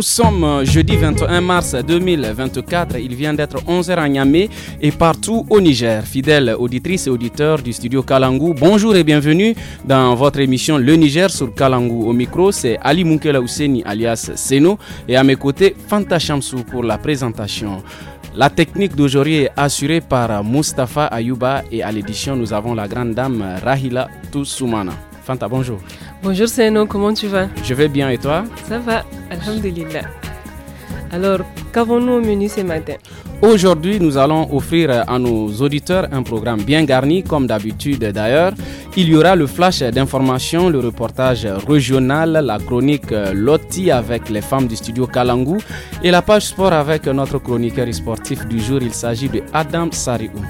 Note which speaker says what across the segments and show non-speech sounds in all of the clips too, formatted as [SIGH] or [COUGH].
Speaker 1: Nous sommes euh, jeudi 21 mars 2024. Il vient d'être 11h à Niamey et partout au Niger. Fidèles auditrices et auditeurs du studio Kalangou, bonjour et bienvenue dans votre émission Le Niger sur Kalangou. Au micro, c'est Ali Moukela Ouseni alias Seno et à mes côtés, Fanta Chamsou pour la présentation. La technique d'aujourd'hui est assurée par Mustapha Ayouba et à l'édition, nous avons la grande dame Rahila Toussoumana bonjour.
Speaker 2: Bonjour Seno, comment tu vas
Speaker 1: Je vais bien et toi
Speaker 2: Ça va, Alhamdulillah. Alors, qu'avons-nous au menu ce matin
Speaker 1: Aujourd'hui, nous allons offrir à nos auditeurs un programme bien garni, comme d'habitude d'ailleurs. Il y aura le flash d'information, le reportage régional, la chronique Lotti avec les femmes du studio Kalangu et la page sport avec notre chroniqueur sportif du jour. Il s'agit de Adam Sariou.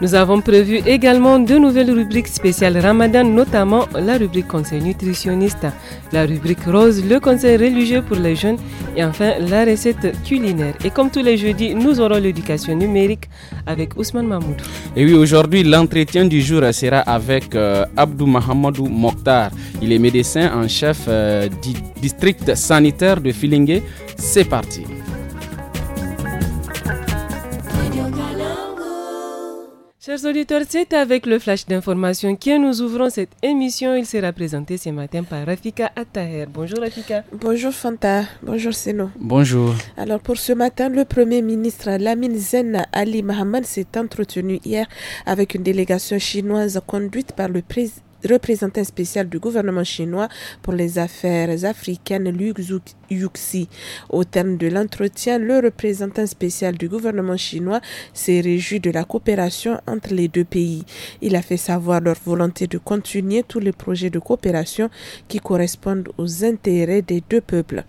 Speaker 2: Nous avons prévu également deux nouvelles rubriques spéciales Ramadan, notamment la rubrique Conseil nutritionniste, la rubrique Rose, le conseil religieux pour les jeunes et enfin la recette culinaire. Et comme tous les jeudis, nous aurons l'éducation numérique avec Ousmane Mahmoud.
Speaker 1: Et oui, aujourd'hui, l'entretien du jour sera avec euh, Abdou Mahamadou Mokhtar. Il est médecin en chef euh, du district sanitaire de Filingué. C'est parti.
Speaker 2: Chers auditeurs, c'est avec le flash d'information que nous ouvrons cette émission. Il sera présenté ce matin par Rafika Attaher. Bonjour Rafika. Bonjour Fanta. Bonjour Seno.
Speaker 3: Bonjour. Alors pour ce matin, le Premier ministre Lamine Zen Ali Mohamed s'est entretenu hier avec une délégation chinoise conduite par le président représentant spécial du gouvernement chinois pour les affaires africaines, Liu Yuxi. Au terme de l'entretien, le représentant spécial du gouvernement chinois s'est réjoui de la coopération entre les deux pays. Il a fait savoir leur volonté de continuer tous les projets de coopération qui correspondent aux intérêts des deux peuples.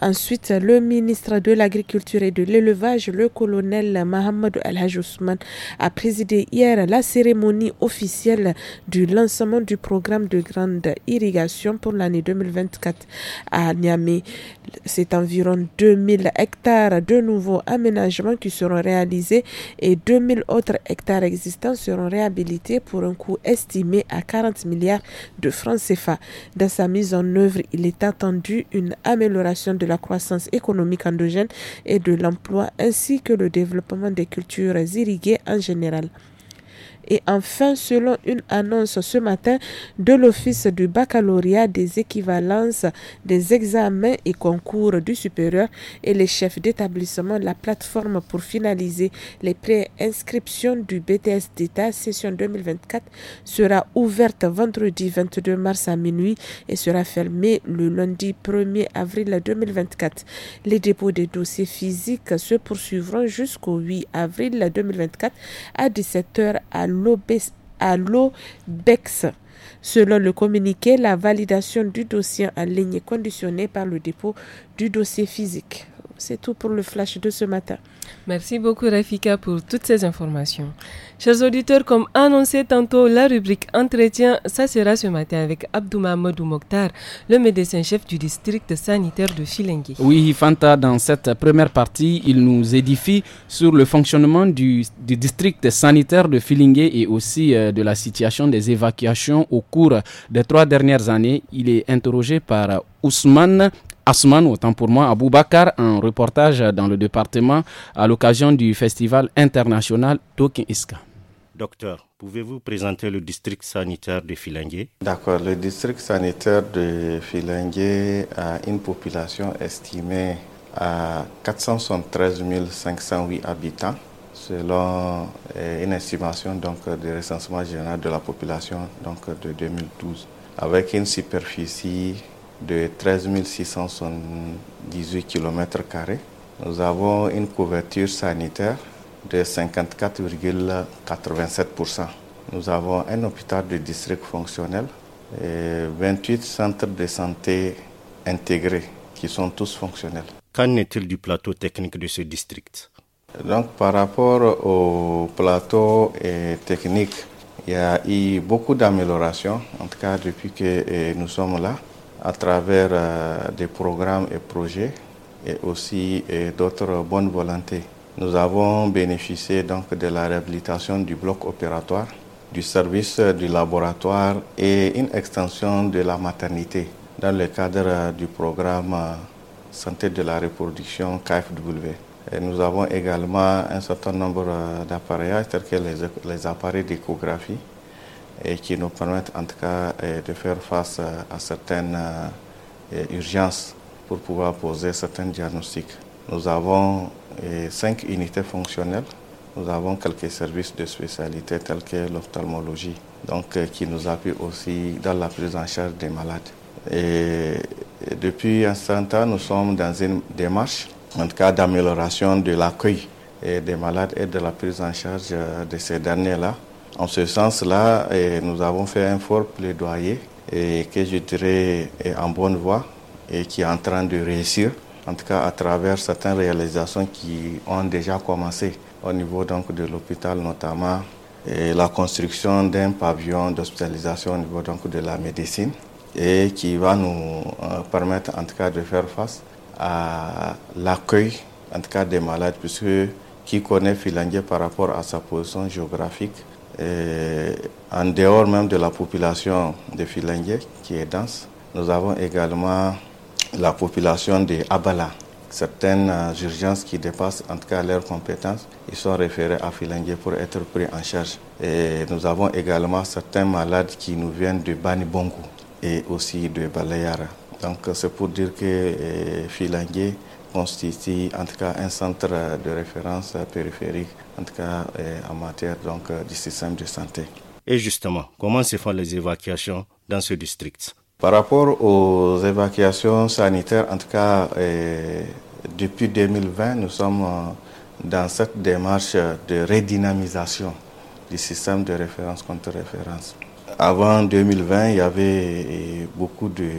Speaker 3: Ensuite, le ministre de l'Agriculture et de l'Élevage, le colonel Mohamed al Hajousman, a présidé hier la cérémonie officielle du lancement du programme de grande irrigation pour l'année 2024 à Niamey. C'est environ 2000 hectares de nouveaux aménagements qui seront réalisés et 2000 autres hectares existants seront réhabilités pour un coût estimé à 40 milliards de francs CFA. Dans sa mise en œuvre, il est attendu une amélioration de la croissance économique endogène et de l'emploi ainsi que le développement des cultures irriguées en général. Et enfin, selon une annonce ce matin de l'Office du baccalauréat des équivalences des examens et concours du supérieur et les chefs d'établissement, la plateforme pour finaliser les préinscriptions du BTS d'État session 2024 sera ouverte vendredi 22 mars à minuit et sera fermée le lundi 1er avril 2024. Les dépôts des dossiers physiques se poursuivront jusqu'au 8 avril 2024 à 17h à à l'OBEX. Selon le communiqué, la validation du dossier en ligne est conditionnée par le dépôt du dossier physique. C'est tout pour le flash de ce matin.
Speaker 2: Merci beaucoup Rafika pour toutes ces informations. Chers auditeurs, comme annoncé tantôt, la rubrique entretien, ça sera ce matin avec Abdou Mahmoud Mokhtar, le médecin-chef du district sanitaire de Filingué.
Speaker 1: Oui, Fanta, dans cette première partie, il nous édifie sur le fonctionnement du, district sanitaire de Filingue et aussi euh, de la situation des évacuations au cours des trois dernières années. Il est interrogé par Ousmane Asman, autant pour moi, Bakar, un reportage dans le département à l'occasion du Festival international Tokin
Speaker 4: Iska. Docteur, pouvez-vous présenter le district sanitaire de Filingué D'accord, le district sanitaire de Filingué a une population estimée à 473 508 habitants, selon eh, une estimation donc, du recensement général de la population donc, de 2012, avec une superficie de 13 678 km. Nous avons une couverture sanitaire de 54,87%. Nous avons un hôpital de district fonctionnel et 28 centres de santé intégrés qui sont tous fonctionnels. Qu'en est-il du plateau technique de ce district Donc par rapport au plateau technique, il y a eu beaucoup d'améliorations, en tout cas depuis que eh, nous sommes là à travers euh, des programmes et projets et aussi d'autres bonnes volontés. Nous avons bénéficié donc de la réhabilitation du bloc opératoire, du service euh, du laboratoire et une extension de la maternité dans le cadre euh, du programme Santé de la reproduction KFW. nous avons également un certain nombre d'appareils, tels que les appareils d'échographie et qui nous permettent en tout cas euh, de faire face euh, à certaines euh, urgences pour pouvoir poser certains diagnostics. Nous avons cinq unités fonctionnelles. Nous avons quelques services de spécialité tels que l'ophtalmologie, donc qui nous appuient aussi dans la prise en charge des malades. Et depuis un certain temps, nous sommes dans une démarche, en tout cas d'amélioration de l'accueil des malades et de la prise en charge de ces derniers-là en ce sens-là, eh, nous avons fait un fort plaidoyer et eh, que je dirais eh, en bonne voie et qui est en train de réussir, en tout cas à travers certaines réalisations qui ont déjà commencé au niveau donc de l'hôpital notamment la construction d'un pavillon d'hospitalisation au niveau donc de la médecine et qui va nous euh, permettre en tout cas de faire face à l'accueil en tout cas des malades puisque qui connaît Finlande par rapport à sa position géographique en dehors même de la population de Filingue qui est dense, nous avons également la population des Abala. Certaines euh, urgences qui dépassent en tout cas leurs compétences, ils sont référés à Filingue pour être pris en charge. Et nous avons également certains malades qui nous viennent de Bani Bongo et aussi de Balayara. Donc euh, c'est pour dire que euh, Filingue constitue en tout cas un centre de référence périphérique en tout cas en euh, matière donc, euh, du système de santé. Et justement, comment se font les évacuations dans ce district Par rapport aux évacuations sanitaires, en tout cas, euh, depuis 2020, nous sommes dans cette démarche de redynamisation du système de référence contre référence. Avant 2020, il y avait beaucoup de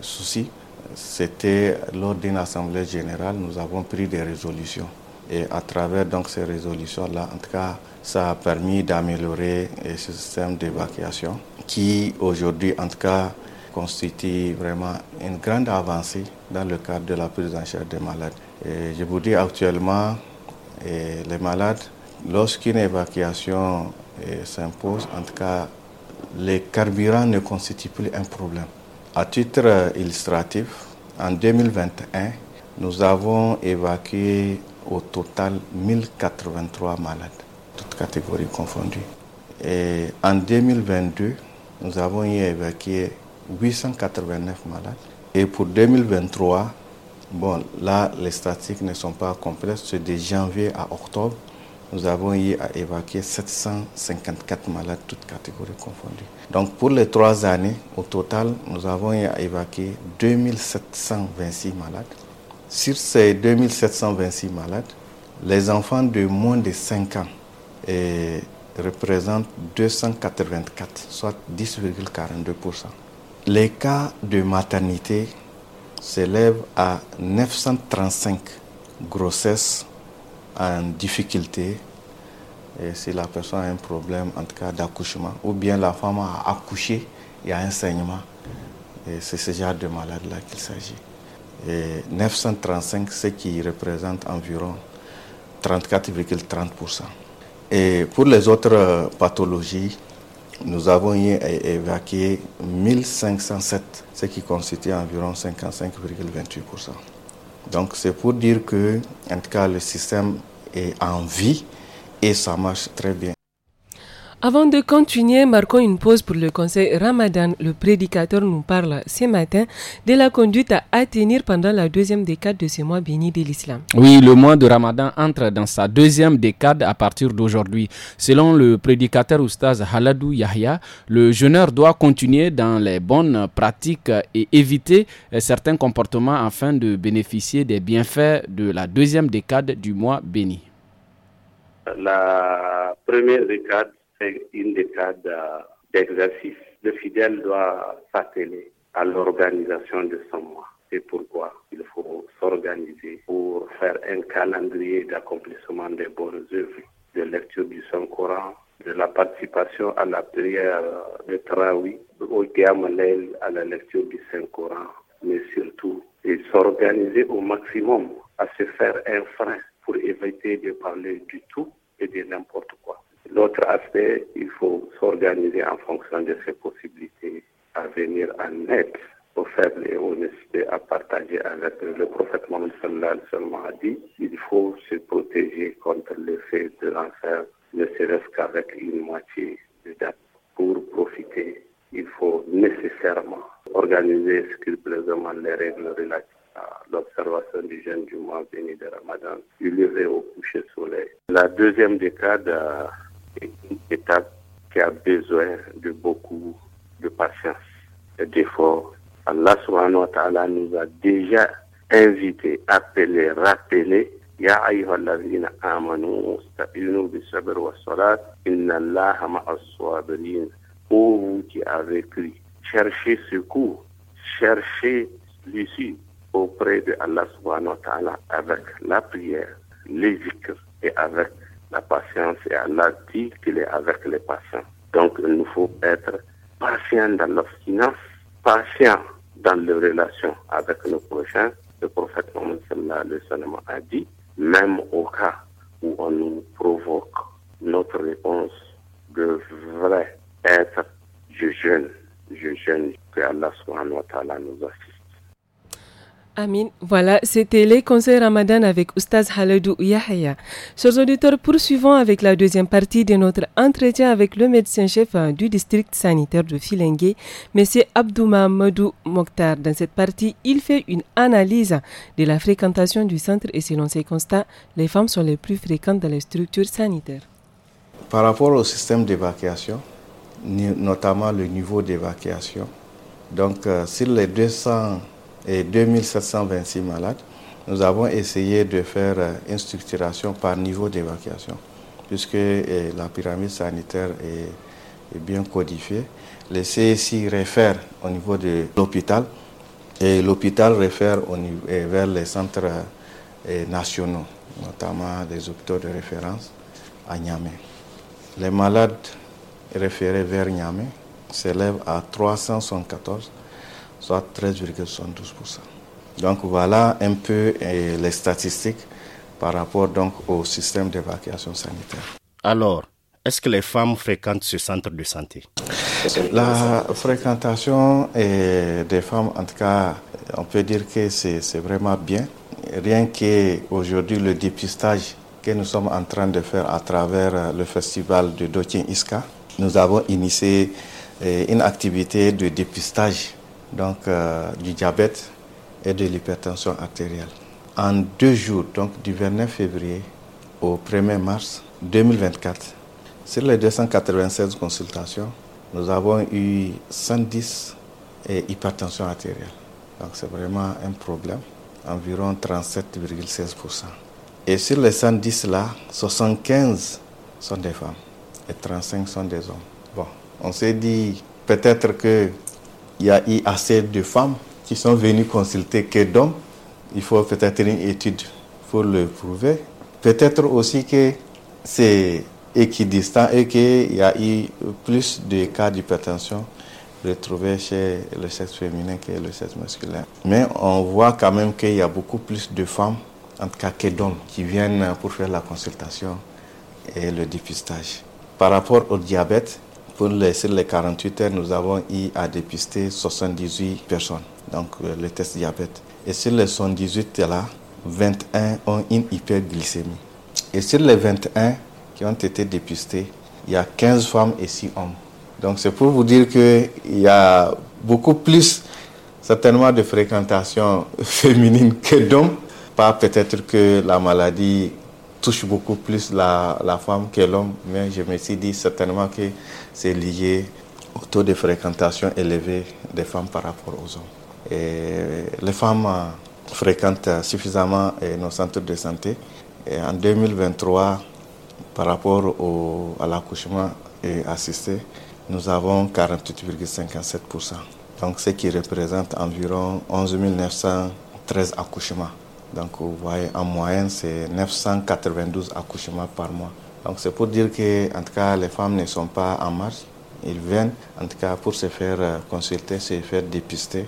Speaker 4: soucis. C'était lors d'une assemblée générale, nous avons pris des résolutions et à travers donc ces résolutions-là, en tout cas, ça a permis d'améliorer ce système d'évacuation qui aujourd'hui, en tout cas, constitue vraiment une grande avancée dans le cadre de la prise en charge des malades. je vous dis actuellement, les malades, lorsqu'une évacuation eh, s'impose, en tout cas, les carburants ne constituent plus un problème. À titre euh, illustratif, en 2021, nous avons évacué au total 1083 malades, toutes catégories confondues. Et en 2022, nous avons eu évacué 889 malades. Et pour 2023, bon, là, les statistiques ne sont pas complètes. C'est de janvier à octobre, nous avons eu à évacuer 754 malades, toutes catégories confondues. Donc pour les trois années, au total, nous avons eu à évacuer 2726 malades sur ces 2726 malades, les enfants de moins de 5 ans eh, représentent 284, soit 10,42%. Les cas de maternité s'élèvent à 935 grossesses en difficulté. si la personne a un problème, en cas d'accouchement, ou bien la femme a accouché, et a un saignement. c'est ce genre de malade-là qu'il s'agit et 935, ce qui représente environ 34,30%. Et pour les autres euh, pathologies, nous avons évacué 1507, ce qui constitue environ 55,28%. Donc c'est pour dire que, en tout cas, le système est en vie et ça marche très bien.
Speaker 2: Avant de continuer, marquons une pause pour le conseil Ramadan. Le prédicateur nous parle ce matin de la conduite à atteindre pendant la deuxième décade de ce mois béni de l'islam. Oui, le
Speaker 1: mois de Ramadan entre dans sa deuxième décade à partir d'aujourd'hui. Selon le prédicateur Oustaz Haladou Yahya, le jeûneur doit continuer dans les bonnes pratiques et éviter euh, certains comportements afin de bénéficier des bienfaits de la deuxième décade du mois béni.
Speaker 5: La première décade c'est une des cas euh, d'exercice. Le fidèle doit s'atteler à l'organisation de son mois. C'est pourquoi il faut s'organiser pour faire un calendrier d'accomplissement des bonnes œuvres, de lecture du Saint-Coran, de la participation à la prière de Traoui, au diable à la lecture du Saint-Coran, mais surtout, et s'organiser au maximum à se faire un frein pour éviter de parler du tout et de n'importe quoi. L'autre aspect, il faut s'organiser en fonction de ses possibilités à venir en aide aux faibles et aux nécessités à partager avec le prophète Mohammed seulement a dit il faut se protéger contre l'effet de l'enfer, ne serait-ce qu'avec une moitié de date. Pour profiter, il faut nécessairement organiser scrupuleusement les règles relatives à l'observation du jeûne du mois béni de Ramadan, du lever au coucher soleil. La deuxième décade, une étape qui a besoin de beaucoup de patience et d'efforts. Allah subhanahu wa ta'ala nous a déjà invités, appelés, rappelés يا أيها الذين آمنوا استعينوا بالصبر والصلاة إن الله مع الصابرين Ô vous qui avez cru, cherchez secours, cherchez l'issue auprès de Allah subhanahu wa ta'ala avec la prière, les zikr et avec la patience et Allah dit qu'il est avec les patients. Donc il nous faut être patient dans l'obstinence, patient dans les relations avec nos prochains. Le prophète Mohammed a dit, même au cas où on nous provoque, notre réponse devrait être je jeûne, je jeûne, que Allah soit wa à nous assiste.
Speaker 2: Amin, voilà, c'était les conseils ramadan avec Oustaz Haladou Yahya. Chers auditeurs, poursuivons avec la deuxième partie de notre entretien avec le médecin-chef euh, du district sanitaire de Filengue, M. Abdouma Madou Mokhtar. Dans cette partie, il fait une analyse de la fréquentation du centre et selon ses constats, les femmes sont les plus fréquentes dans les structures sanitaires.
Speaker 4: Par rapport au système d'évacuation, notamment le niveau d'évacuation, donc euh, sur les 200 et 2726 malades, nous avons essayé de faire euh, une structuration par niveau d'évacuation, puisque euh, la pyramide sanitaire est, bien codifiée. Les CSI réfèrent au niveau de l'hôpital et l'hôpital réfère au euh, vers les centres nationaux, notamment des hôpitaux de référence à Niamey. Les malades référés vers Niamey s'élèvent à 374 soit 13,72%. Donc voilà un peu eh, les statistiques par rapport donc au système d'évacuation sanitaire. Alors, est-ce que les femmes fréquentent ce centre de santé La fréquentation eh, des femmes, en tout cas, on peut dire que c'est vraiment bien. Rien qu'aujourd'hui, le dépistage que nous sommes en train de faire à travers euh, le festival de Dotin Iska, nous avons initié eh, une activité de dépistage donc, euh, du diabète et de l'hypertension artérielle. En deux jours, donc du 29 février au 1er mars 2024, sur les 296 consultations, nous avons eu 110 et hypertension artérielle. Donc c'est vraiment un problème, environ 37,16%. Et sur les 110 là, 75 sont des femmes et 35 sont des hommes. Bon, on s'est dit peut-être que il y a eu assez de femmes qui sont venues consulter que d'hommes. Il faut peut-être une étude pour le prouver. Peut-être aussi que c'est équidistant et qu'il y a eu plus de cas d'hypertension retrouvés chez le sexe féminin que le sexe masculin. Mais on voit quand même qu'il y a beaucoup plus de femmes, en tout cas que d'hommes, qui viennent pour faire la consultation et le dépistage. Par rapport au diabète, pour les, sur les 48 heures, nous avons eu à dépister 78 personnes, donc euh, les le test diabète. Et sur les 78 là, 21 ont une hyperglycémie. Et sur les 21 qui ont été dépistés, il y a 15 femmes et 6 hommes. Donc c'est pour vous dire qu'il y a beaucoup plus certainement de fréquentation [LAUGHS] féminine que d'hommes, pas peut-être que la maladie touche beaucoup plus la, femme que l'homme, mais je me suis dit certainement que c'est lié au taux de fréquentation élevé des femmes par rapport aux hommes. Et les femmes euh, fréquentent suffisamment euh, nos centres de santé. Et en 2023, par rapport à l'accouchement assisté, nous avons 48,57%. Donc ce qui représente environ 11 913 accouchements. Donc vous voyez, en moyenne, c'est 992 accouchements par mois. Donc c'est pour dire que, en tout cas, les femmes ne sont pas en marche. Ils viennent, en tout cas, pour se faire euh, consulter, se faire dépister,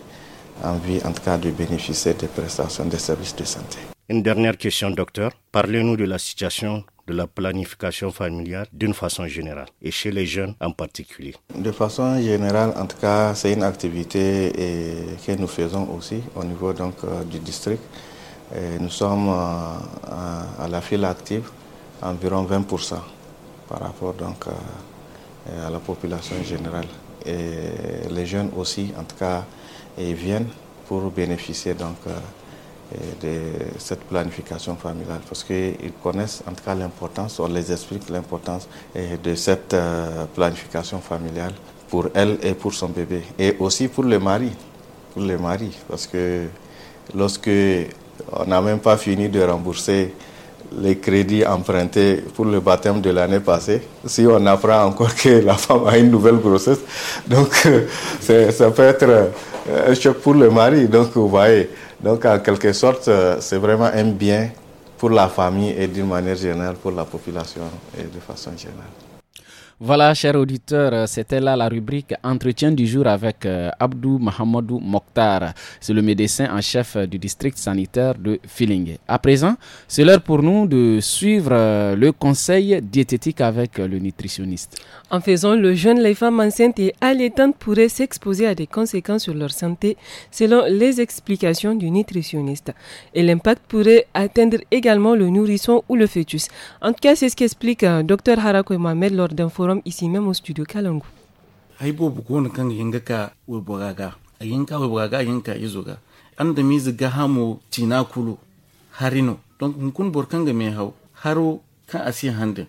Speaker 4: en vue, en tout cas, de bénéficier des prestations des services de santé. Une dernière question, docteur. Parlez-nous de la situation de la planification familiale d'une façon générale et chez les jeunes en particulier De façon générale, en tout cas, c'est une activité que nous faisons aussi au niveau euh, du district nous sommes euh, à, la file active environ 20% par rapport donc euh, à, la population générale. Et les jeunes aussi, en tout cas, ils viennent pour bénéficier donc euh, de cette planification familiale parce qu'ils connaissent en tout cas l'importance, on les explique l'importance de cette planification familiale pour elle et pour son bébé et aussi pour le mari, pour le mari parce que lorsque on n'a même pas fini de rembourser les crédits empruntés pour le baptême de l'année passée. Si on apprend encore que la femme a une nouvelle grossesse, donc euh, ça peut être euh, un choc pour le mari. Donc vous voyez, donc en quelque sorte, euh, c'est vraiment un bien pour la famille et d'une manière générale pour la population et de façon générale.
Speaker 1: Voilà, chers auditeurs, euh, c'était là la rubrique Entretien du jour avec euh, Abdou Mohamedou Mokhtar. C'est le médecin en chef euh, du district sanitaire de Feeling. À présent, c'est l'heure pour nous de suivre le conseil diététique avec le
Speaker 2: nutritionniste. En faisant le jeûne, les femmes enceintes et allaitantes pourraient s'exposer à des conséquences sur leur santé selon les explications du nutritionniste. Et l'impact pourrait atteindre également le nourrisson ou le fœtus. En tout cas, c'est ce qu'explique Dr Harako et Mohamed lors d'un forum forum isi memo studio Kalangu.
Speaker 6: Haibo buku wani kan yin gaka wiburaga, a yin ka wiburaga a yin ka izuga. An da mizi ga hamu tina kulu harino, don hunkun burkan ga mai hau, haro kan asi handin.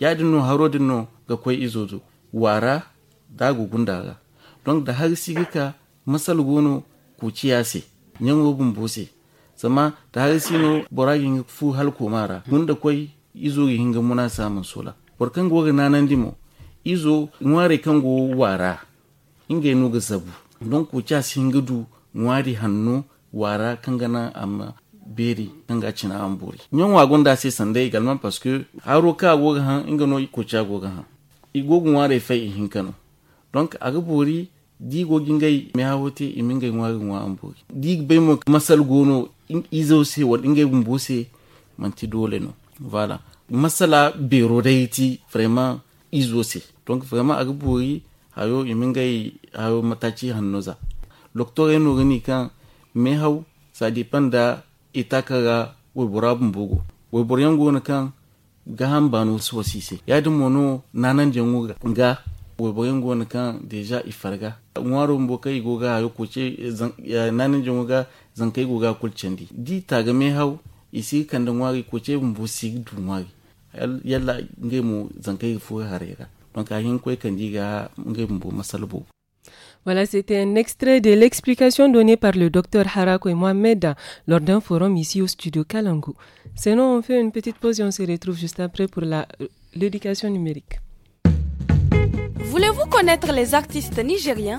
Speaker 6: Ya dinno haro dinno ga kwai izozo, wara dagu gundaga. Don da har sigika masal gono k'u ciyase yan wobin bose. sama da har sino boragin fu hal komara gunda da kwai izo hinga muna samun sola gwa gana nan dimo izo kan kango wara inga yi ga zabu don ko cha singudu nwari hannu wara kangana amma beri kanga cina an buri nyon wa gonda sai sande galman parce que haro ka go ga han inga no ko cha go ga han igogun ware fai don ka aga buri digo gingai me hawote imingai ngwari ngwa ambogi di be mo masal gono in izo se wad ingai bumbose manti dole no voilà masala berodaiti vraiment izo se donc vraiment aga boyi hayo imingai hayo matachi hannoza loktore no gani kan me hau sa depend da itaka ga webora bugu webora yan goni kan ga han banu so se ya dumo no nanan jengo ga webora yan na kan deja ifarga nwaro mbo kai goga hayo kuce nanan jengo ga zan kai goga kulcendi di ga me hau isi kan da nwari kuce bumbu sig du nwari
Speaker 2: Voilà, c'était un extrait de l'explication donnée par le docteur Harako et Mohamed lors d'un forum ici au studio Kalangu. Sinon, on fait une petite pause et on se retrouve juste après pour l'éducation numérique.
Speaker 7: Voulez-vous connaître les artistes nigériens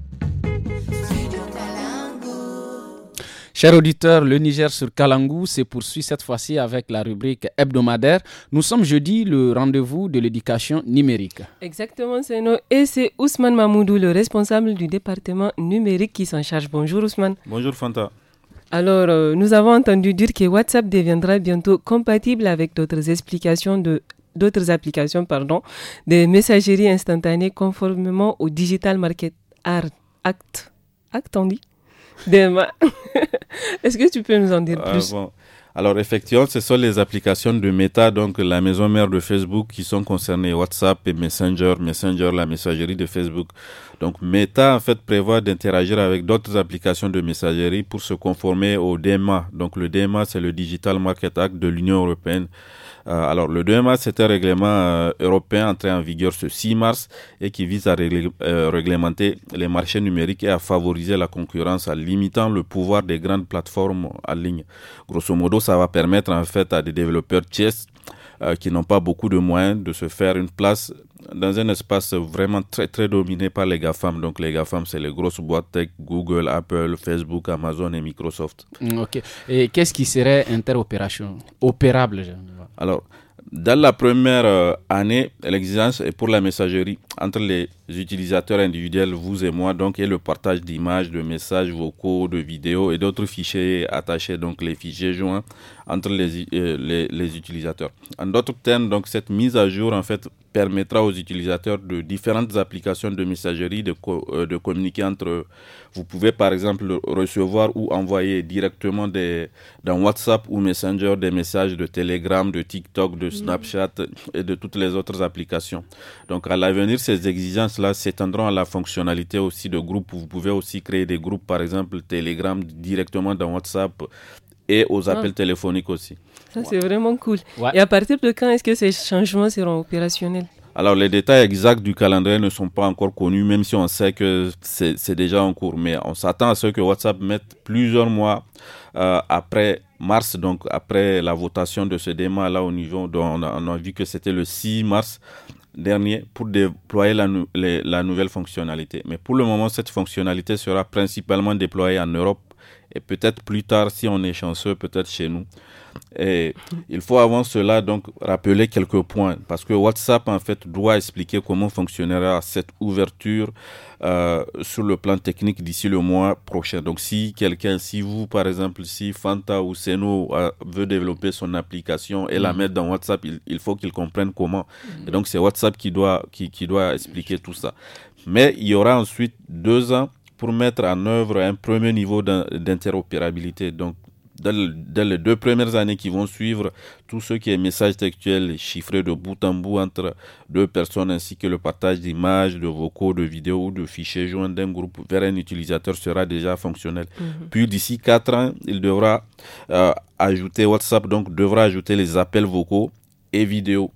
Speaker 1: Chers auditeurs, le Niger sur Kalangou se poursuit cette fois-ci avec la rubrique hebdomadaire. Nous sommes jeudi le rendez-vous de l'éducation numérique.
Speaker 2: Exactement, c'est nous. Et c'est Ousmane Mamoudou, le responsable du département numérique qui s'en charge. Bonjour Ousmane.
Speaker 8: Bonjour Fanta.
Speaker 2: Alors, euh, nous avons entendu dire que WhatsApp deviendra bientôt compatible avec d'autres explications de d'autres applications pardon, des messageries instantanées conformément au Digital Market Act. Act, on dit Dema. [LAUGHS] Est-ce que tu peux nous en dire euh, plus
Speaker 8: Alors effectivement, ce sont les applications de Meta, donc la maison mère de Facebook, qui sont concernées WhatsApp et Messenger, Messenger, la messagerie de Facebook. Donc Meta, en fait, prévoit d'interagir avec d'autres applications de messagerie pour se conformer au DMA. Donc le DMA, c'est le Digital Market Act de l'Union européenne. Euh, alors, le 2 mars, c'est un règlement euh, européen entré en vigueur ce 6 mars et qui vise à euh, réglementer les marchés numériques et à favoriser la concurrence en limitant le pouvoir des grandes plateformes en ligne. Grosso modo, ça va permettre en fait à des développeurs tiers qui n'ont pas beaucoup de moyens de se faire une place dans un espace vraiment très, très dominé par les GAFAM. Donc, les GAFAM, c'est les grosses boîtes tech, Google, Apple, Facebook, Amazon et Microsoft.
Speaker 1: Mm, ok. Et qu'est-ce qui serait interopérable Opérable,
Speaker 8: Alors, dans la première euh, année, l'exigence est pour la messagerie entre les utilisateurs individuels, vous et moi, donc, et le partage d'images, de messages vocaux, de vidéos et d'autres fichiers attachés, donc les fichiers joints entre les, euh, les utilisateurs. En d'autres termes, donc, cette mise à jour, en fait, permettra aux utilisateurs de différentes applications de messagerie de, euh, de communiquer entre eux. Vous pouvez par exemple recevoir ou envoyer directement des, dans WhatsApp ou Messenger des messages de Telegram, de TikTok, de Snapchat et de toutes les autres applications. Donc à l'avenir, ces exigences-là s'étendront à la fonctionnalité aussi de groupe. Vous pouvez aussi créer des groupes, par exemple Telegram directement dans WhatsApp et aux ah. appels téléphoniques aussi.
Speaker 2: Ça, c'est vraiment cool. Et à partir de quand est-ce que ces changements seront opérationnels
Speaker 8: alors, les détails exacts du calendrier ne sont pas encore connus, même si on sait que c'est déjà en cours. Mais on s'attend à ce que WhatsApp mette plusieurs mois euh, après mars, donc après la votation de ce débat là au niveau, dont on a, vu que c'était le 6 mars dernier pour déployer la, la nouvelle fonctionnalité. Mais pour le moment, cette fonctionnalité sera principalement déployée en Europe et peut-être plus tard, si on est chanceux, peut-être chez nous. Et il faut avant cela donc rappeler quelques points parce que WhatsApp en fait doit expliquer comment fonctionnera cette ouverture euh, sur le plan technique d'ici le mois prochain. Donc si quelqu'un, si vous par exemple, si Fanta ou Seno euh, veut développer son application et la mm. mettre dans WhatsApp, il, faut qu'il comprenne comment. Mm. Et donc c'est WhatsApp qui doit qui, qui doit expliquer tout ça. Mais il y aura ensuite deux ans pour mettre en œuvre un premier niveau d'interopérabilité. Donc, dans les deux premières années qui vont suivre, tout ce qui est message textuel chiffré de bout en bout entre deux personnes ainsi que le partage d'images, de vocaux, de vidéos ou de fichiers joints d'un groupe vers un utilisateur sera déjà fonctionnel. Mhm. Puis d'ici quatre ans, il devra euh, ajouter WhatsApp, donc devra ajouter les appels vocaux et vidéos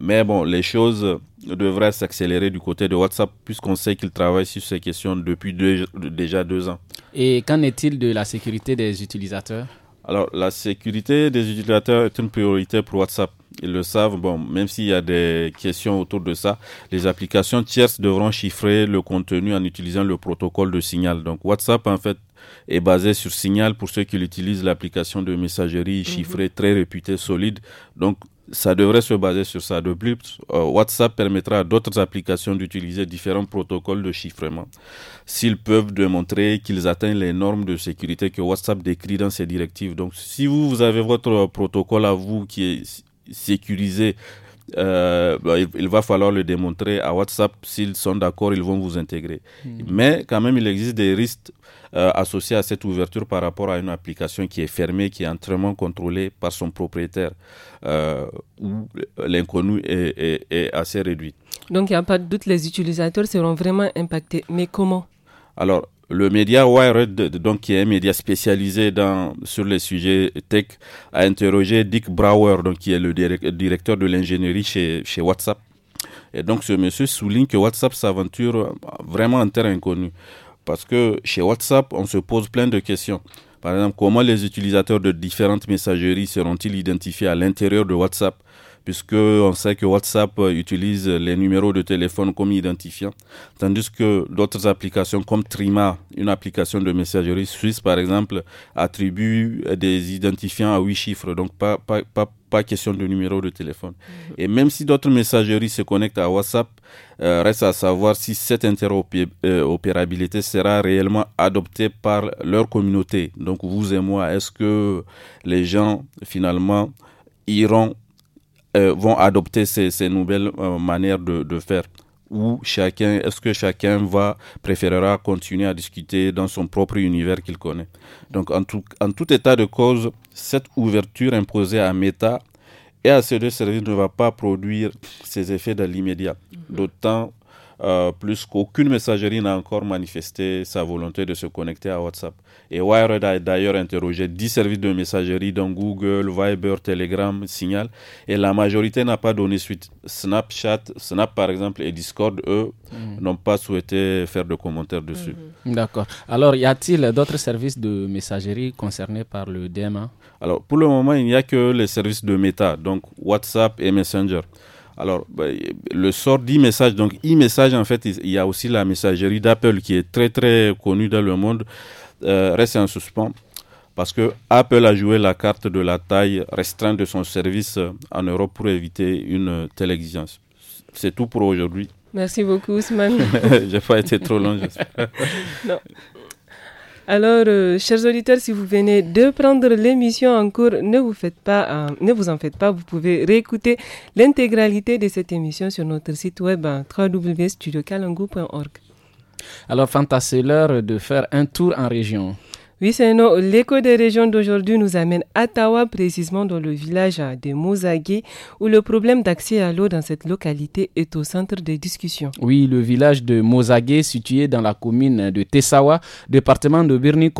Speaker 8: mais bon, les choses devraient s'accélérer du côté de WhatsApp puisqu'on sait qu'ils travaillent sur ces questions depuis déjà deux ans.
Speaker 1: Et qu'en est-il de la sécurité des utilisateurs
Speaker 8: Alors, la sécurité des utilisateurs est une priorité pour WhatsApp. Ils le savent, bon, même s'il y a des questions autour de ça, les applications tierces devront chiffrer le contenu en utilisant le protocole de signal. Donc, WhatsApp, en fait, est basé sur Signal pour ceux qui utilisent l'application de messagerie mhm. chiffrée très réputée, solide. Donc, ça devrait se baser sur ça. De plus, euh, WhatsApp permettra à d'autres applications d'utiliser différents protocoles de chiffrement s'ils peuvent démontrer qu'ils atteignent les normes de sécurité que WhatsApp décrit dans ses directives. Donc, si vous, avez votre protocole à vous qui est sécurisé, euh, bah, il, va falloir le démontrer à WhatsApp. S'ils sont d'accord, ils vont vous intégrer. Hmm. Mais quand même, il existe des risques euh, associé à cette ouverture par rapport à une application qui est fermée, qui est entièrement contrôlée par son propriétaire, euh, où l'inconnu est, est, assez réduit.
Speaker 2: Donc il n'y a pas de doute, les utilisateurs seront vraiment impactés. Mais comment
Speaker 8: Alors, le média Wired, donc, qui est un média spécialisé dans, sur les sujets tech, a interrogé Dick Brower, donc, qui est le directeur de l'ingénierie chez, chez WhatsApp. Et donc ce monsieur souligne que WhatsApp s'aventure vraiment en terre inconnue. Parce que chez WhatsApp, on se pose plein de questions. Par exemple, comment les utilisateurs de différentes messageries seront-ils identifiés à l'intérieur de WhatsApp puisque on sait que WhatsApp euh, utilise les numéros de téléphone comme identifiant, tandis que d'autres applications comme Trima, une application de messagerie suisse par exemple, attribue des identifiants à huit chiffres, donc pas, pas, pas, pas question de numéro de téléphone. Et même si d'autres messageries se connectent à WhatsApp, euh, reste à savoir si cette interopérabilité euh, sera réellement adoptée par leur communauté. Donc vous et moi, est-ce que les gens finalement iront, euh, vont adopter ces, nouvelles manières de faire où chacun, est-ce que chacun va, préférera continuer à discuter dans son propre univers qu'il connaît. Donc, en tout, état de cause, cette ouverture imposée à Meta et à ces deux services ne va pas produire ses effets dans l'immédiat. Mhm. D'autant euh, plus qu'aucune messagerie n'a encore manifesté sa volonté de se connecter à WhatsApp. Et Wired a d'ailleurs interrogé 10 services de messagerie dont Google, Viber, Telegram, Signal, et la majorité n'a pas donné suite. Snapchat, Snap par exemple, et Discord, eux, hmm. n'ont pas souhaité faire de commentaires dessus.
Speaker 1: Hmm. D'accord. Alors, y a-t-il d'autres services de messagerie concernés par
Speaker 8: le DMA Alors, pour le moment, il n'y a que les services de Meta, donc WhatsApp et Messenger. Alors, bah, le sort d'e-message, donc e-message, en fait, il y a aussi la messagerie d'Apple qui est très très connue dans le monde, euh, reste en suspens parce que Apple a joué la carte de la taille restreinte de son service euh, en Europe pour éviter une telle exigence. C'est tout pour aujourd'hui.
Speaker 2: Merci beaucoup, Ousmane. [LAUGHS] J'ai pas été trop long, j'espère. non. Alors, euh, chers auditeurs, si vous venez de prendre l'émission en cours, ne vous faites pas, euh, ne vous en faites pas. Vous pouvez réécouter l'intégralité de cette émission sur notre site web euh, www.studiocalangou.org.
Speaker 1: Alors, Fanta, c'est l'heure de faire un tour en région.
Speaker 2: Oui, c'est non. L'écho des régions d'aujourd'hui nous amène à Tawa, précisément dans le village de Mozague, où le problème d'accès à l'eau dans cette localité est au centre des discussions.
Speaker 1: Oui, le village de Mozague, situé dans la commune de Tessawa, département de birni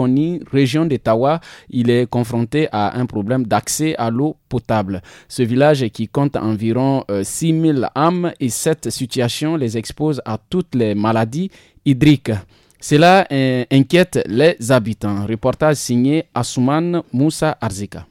Speaker 1: région de Tawa, il est confronté à un problème d'accès à l'eau potable. Ce village qui compte environ 6000 euh, âmes et cette situation les expose à toutes les maladies hydriques. Cela inquiète les habitants. Reportage signé Asuman Moussa Arzika.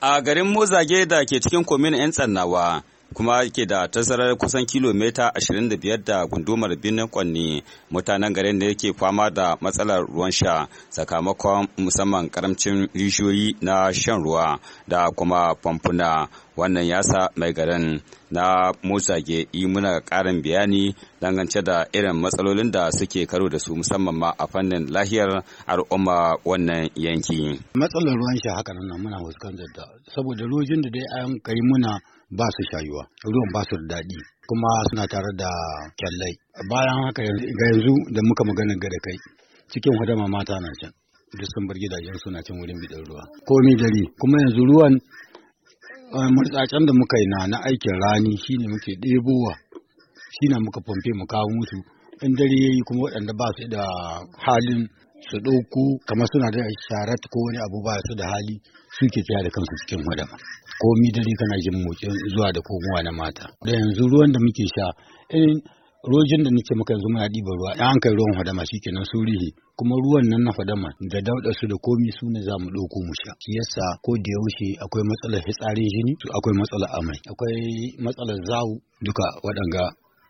Speaker 9: A garin Geda da ke cikin commune en tsannawa, kuma ke da tazarar kusan kilomita 25 da gundumar birnin kwanni mutanen garin da yake fama da matsalar ruwan sha sakamakon musamman karamcin rijiyoyi na shan ruwa da kuma famfuna wannan yasa mai garin na motsage yi muna karin bayani dangance da irin matsalolin da suke karo da su musamman ma a fannin lahiyar al'umma wannan yanki
Speaker 10: matsalar ruwan sha haka nan muna fuskantar da saboda rojin da dai an kai muna ba su shayuwa ruwan ba su da daɗi kuma suna tare da kyallai bayan haka ga yanzu da muka magana ga da kai cikin hadama mata na can duk sun bar gidajen suna can wurin bidan ruwa komi dare kuma yanzu ruwan eh, murtsacen da muka yi na na aikin rani shine muke ɗebowa shine muka fomfe mu kawo musu in dare yayi kuma waɗanda ba su da halin su ɗauko kamar suna da sharat ko wani abu ba su da hali suke tsaya da kansu cikin wadama komi dare kana jin motsi zuwa da komowa na mata da yanzu ruwan da muke sha irin rojin da nake maka yanzu muna ɗiba ruwa an kai ruwan fadama kenan su rihi kuma ruwan nan na fadama da dauɗa su da komi su ne zamu ɗauko mu sha shi yasa ko da yaushe akwai matsalar fitsarin jini akwai matsalar amai akwai matsalar zawo duka waɗanga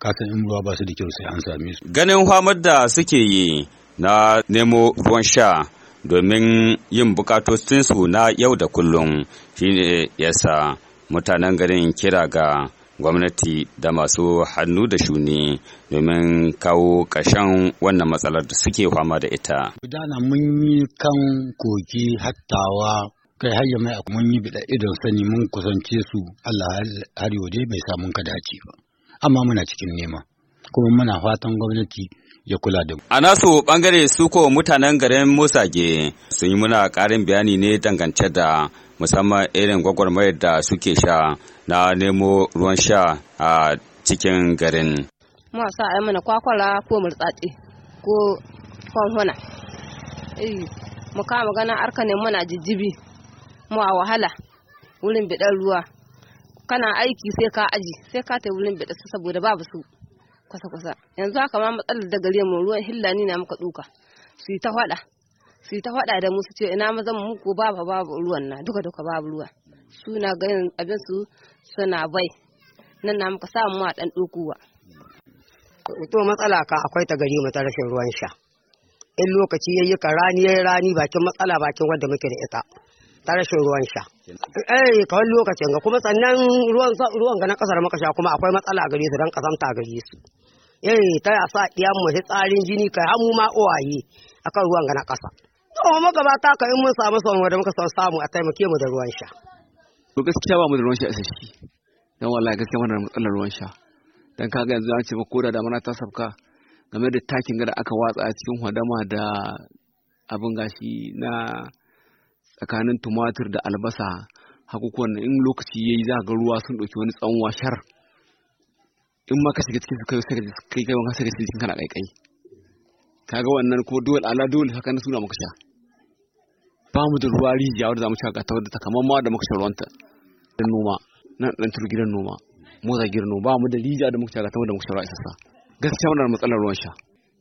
Speaker 10: kasan in ruwa ba su da kyau sai an same su
Speaker 9: ganin famar da suke yi na nemo ruwan sha domin yin bukatostinsu na yau da kullum shi ne yasa mutanen garin kira ga gwamnati da masu hannu da shuni domin kawo ƙashen wannan matsalar da suke fama da ita.
Speaker 10: Gudana mun yi kan kogi hattawa kai hayya mai mun yi bida idon sani mun kusance su Allah har yau dai bai samun ka dace ba. Amma muna cikin nema kuma muna fatan gwamnati ya kula da mu.
Speaker 9: A nasu bangare su ko mutanen garin Musage sun yi muna ƙarin bayani ne dangance da musamman irin gwagwarmayar da suke sha na nemo ruwan sha a cikin garin.
Speaker 7: Muna sa ai mana kwakwara ko murtsatsi ko kwanhuna. Eh, mu kama gana arka ne muna jijjibi mu a wahala wurin bidan ruwa. Kana aiki sai ka aji sai ka ta wurin bidan saboda babu su. kwasa-kwasa yanzu haka ma matsalar da gare mu ruwan ni na muka duka su yi ta hwada su yi ta hwada da mu su ce ina ma mu ko babu babu ruwan na duka duka babu ruwa na ganin abin su suna bai nan na muka samu a dan dokuwa to matsala ka akwai ta gari mu ta rashin ruwan sha in lokaci yayi ka rani yayi rani bakin matsala bakin wanda muke da ita ta rashin ruwan sha. Eh kawai lokacin ga kuma sannan ruwan ruwan ga na kasar maka sha kuma akwai matsala a gare su dan kasanta gare su. Eh ta ya sa diyan mu tsarin jini kai hamu ma uwaye akan ruwan ga na kasa. To gabata ka in mun samu sauran da muka son samu a taimake mu da ruwan sha.
Speaker 11: To gaskiya ba mu da ruwan sha isasshe. Dan wallahi gaskiya muna da matsalar ruwan sha. Dan kaga yanzu an ce ba ko da damana ta sabka game da takin gada aka watsa a cikin hadama da abin gashi na tsakanin tumatir da albasa hakukuwan in lokaci yayi za ga ruwa sun ɗauki wani tsawon washar in ma ka shiga cikin su kai kai kai wani shiga cikin kana kaikai kaga wannan ko dole ala dole haka na suna muka sha ba mu da ruwa rijiya wanda zamu sha ga tawar da ta kamar ma da muka sha ruwanta da noma nan dan gidan noma motsa girno ba mu da rijiya da muka sha ga tawar da muka sha ruwa gaskiya muna matsalar ruwan sha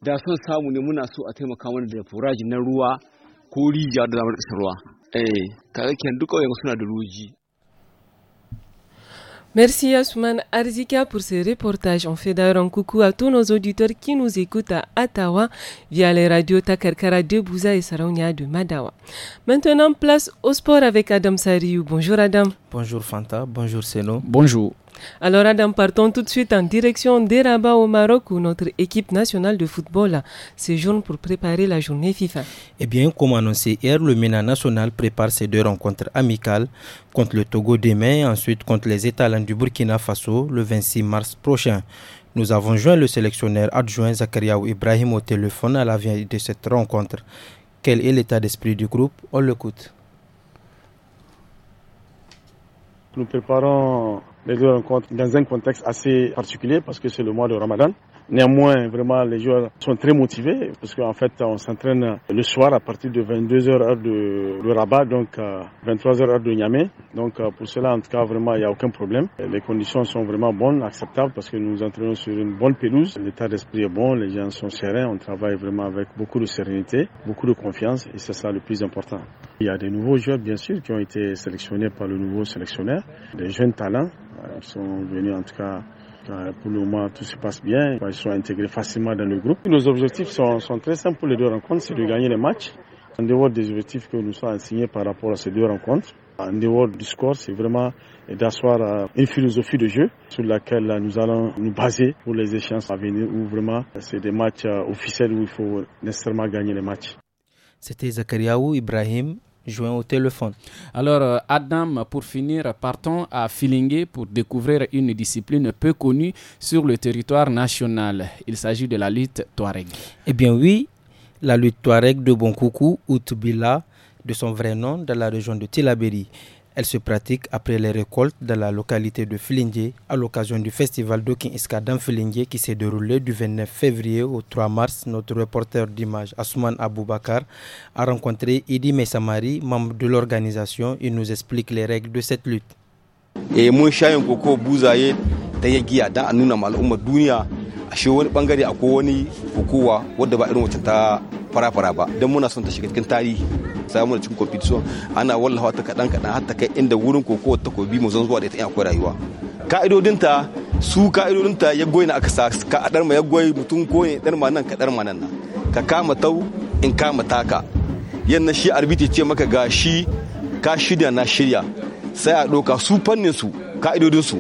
Speaker 11: da son samu ne muna so a taimaka mana da furaji na ruwa Eh,
Speaker 2: Merci Yasuman Arzika pour ce reportage. On fait d'ailleurs un coucou à tous nos auditeurs qui nous écoutent à Ottawa via les radios Takarkara de Bouza et Saraunia de Madawa. Maintenant, place au sport avec Adam Sariou. Bonjour Adam.
Speaker 12: Bonjour Fanta, bonjour Seno. Bonjour.
Speaker 2: Alors Adam, partons tout de suite en direction des au Maroc où notre équipe nationale de football séjourne pour préparer la journée FIFA.
Speaker 12: Eh bien, comme annoncé hier, le MENA national prépare ses deux rencontres amicales contre le Togo demain, ensuite contre les Étalans du Burkina Faso le 26 mars prochain. Nous avons joint le sélectionneur adjoint Zakariaou Ibrahim au téléphone à la veille de cette rencontre. Quel est l'état d'esprit du groupe On l'écoute.
Speaker 13: Nous préparons les joueurs dans un contexte assez particulier parce que c'est le mois de Ramadan. Néanmoins, vraiment, les joueurs sont très motivés parce qu'en fait, on s'entraîne le soir à partir de 22h heure de, de, Rabat, donc 23h euh, heure de Niamey. Donc euh, pour cela, en tout cas, vraiment, il n'y a aucun problème. Les conditions sont vraiment bonnes, acceptables parce que nous nous entraînons sur une bonne pelouse. L'état d'esprit est bon, les gens sont sereins, on travaille vraiment avec beaucoup de sérénité, beaucoup de confiance et c'est ça le plus important. Il y a des nouveaux joueurs, bien sûr, qui ont été sélectionnés par le nouveau sélectionneur, des jeunes talents ils sont venus en tout cas euh, pour le moment, tout se passe bien. Ils sont intégrés facilement dans le groupe. Nos objectifs sont, très simples pour les deux rencontres, c'est de gagner les matchs. En dehors des objectifs que nous sommes assignés par rapport à ces deux rencontres, en dehors du score, c'est vraiment d'asseoir euh, une philosophie de jeu sur laquelle euh, nous allons nous baser pour les échéances à venir où vraiment c'est des matchs officiels où il faut nécessairement gagner les matchs.
Speaker 12: C'était Zakariaou Ibrahim, joint au téléphone.
Speaker 1: Alors, euh, Adam, pour finir, partons à Filingué pour découvrir une discipline peu connue sur le territoire national. Il s'agit de la lutte Touareg. Eh bien
Speaker 12: oui, la lutte Touareg de Bonkoukou ou Tubila, de son vrai nom, dans la région de Tilaberi. Elle se pratique après les récoltes dans la localité de Filingué à l'occasion du festival d'Okin Iska dans qui s'est déroulé du 29 février au 3 mars. Notre reporter d'image Asman Aboubakar a rencontré Idi Messamari, membre de l'organisation. Il nous explique les règles de cette lutte.
Speaker 14: Et shi wani bangare akwai wani hukuma wadda ba irin wacce ta fara-fara ba don muna son ta shiga cikin tarihi samu da cikin competition ana wallafa ta kaɗan kaɗan har ta kai inda wurin ta takobi mu zan zuwa da ita in akwai rayuwa ka'idodinta su ka'idodinta ya goyi na aka sa ka a ɗarma ya goyi mutum ko ne ma nan ka ma nan ka kama tau in kama taka yanna shi arbiti ce maka ga shi ka shirya na shirya sai a ɗoka su fannin su ka'idodin su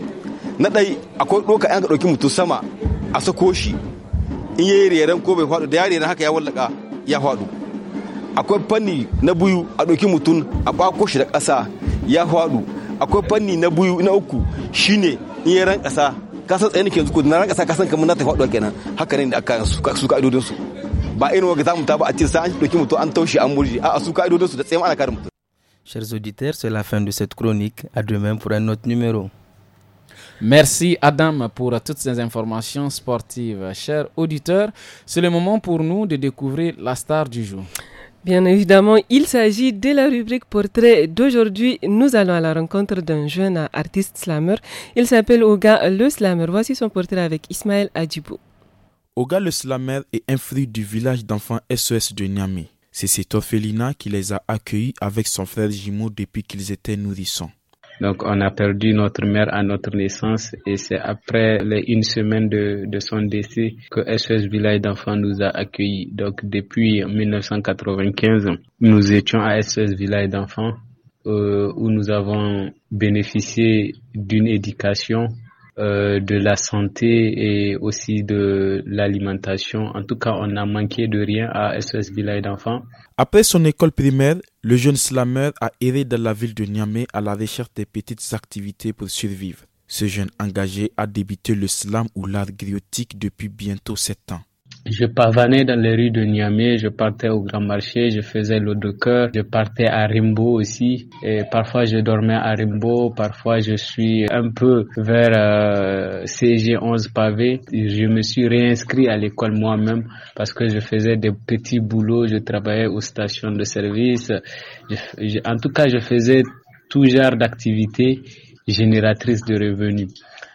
Speaker 14: na ɗai akwai ɗoka yan ka ɗauki mutum sama a sako shi in yi reren ko bai faɗo da yare na haka ya wallaka ya faɗo akwai fanni na buyu a ɗauki mutum a ɓako shi da ƙasa ya faɗo akwai fanni na buyu na uku shine in yi ran ƙasa ka san tsayin yanzu ko na ran ƙasa ka san kamar na ta faɗo kenan haka ne da aka su ka'idodin su ba irin wanda zamu ta ba a ce sai an ɗauki mutum an taushe an murji a su ka'idodin su da tsayin ana kare mutum
Speaker 12: Chers auditeurs, c'est la fin de cette chronique. À demain pour un autre numéro. Merci
Speaker 1: Adam pour toutes ces informations sportives. Chers auditeurs, c'est le moment pour nous de
Speaker 2: découvrir la star du jour. Bien évidemment, il s'agit de la rubrique portrait d'aujourd'hui. Nous allons à la rencontre d'un jeune artiste slammer. Il s'appelle Oga le slammer. Voici son portrait avec Ismaël Adjibou.
Speaker 13: Oga le slammer est un fruit du village d'enfants SOS e de Niamey. C'est cette orphelinat qui les a accueillis avec son frère Jimo
Speaker 11: depuis qu'ils étaient nourrissons. Donc on a perdu notre mère à notre naissance et c'est après une semaine de, son décès que SOS Village d'enfants nous a accueillis. Donc depuis 1995, nous étions à SOS Village d'enfants euh, où nous avons bénéficié d'une éducation euh, de la santé et aussi de l'alimentation. En tout cas, on a manqué de rien à SOS Village d'enfants. Après son école primaire, le jeune slammer a erré
Speaker 13: dans la ville de Niamey à la recherche des petites activités pour survivre. Ce jeune engagé a débuté le slam ou l'art griotique depuis bientôt sept ans.
Speaker 11: Je pavanais dans les rues de Niamey, je partais au Grand Marché, je faisais l'eau de cœur, je partais à Rimbo aussi. Et parfois je dormais à Rimbo, parfois je suis un peu vers euh, CG11 pavé. Je me suis réinscrit à l'école moi-même parce que je faisais des petits boulots, je travaillais aux stations de service. en tout cas, je faisais tout genre d'activités génératrices de revenus.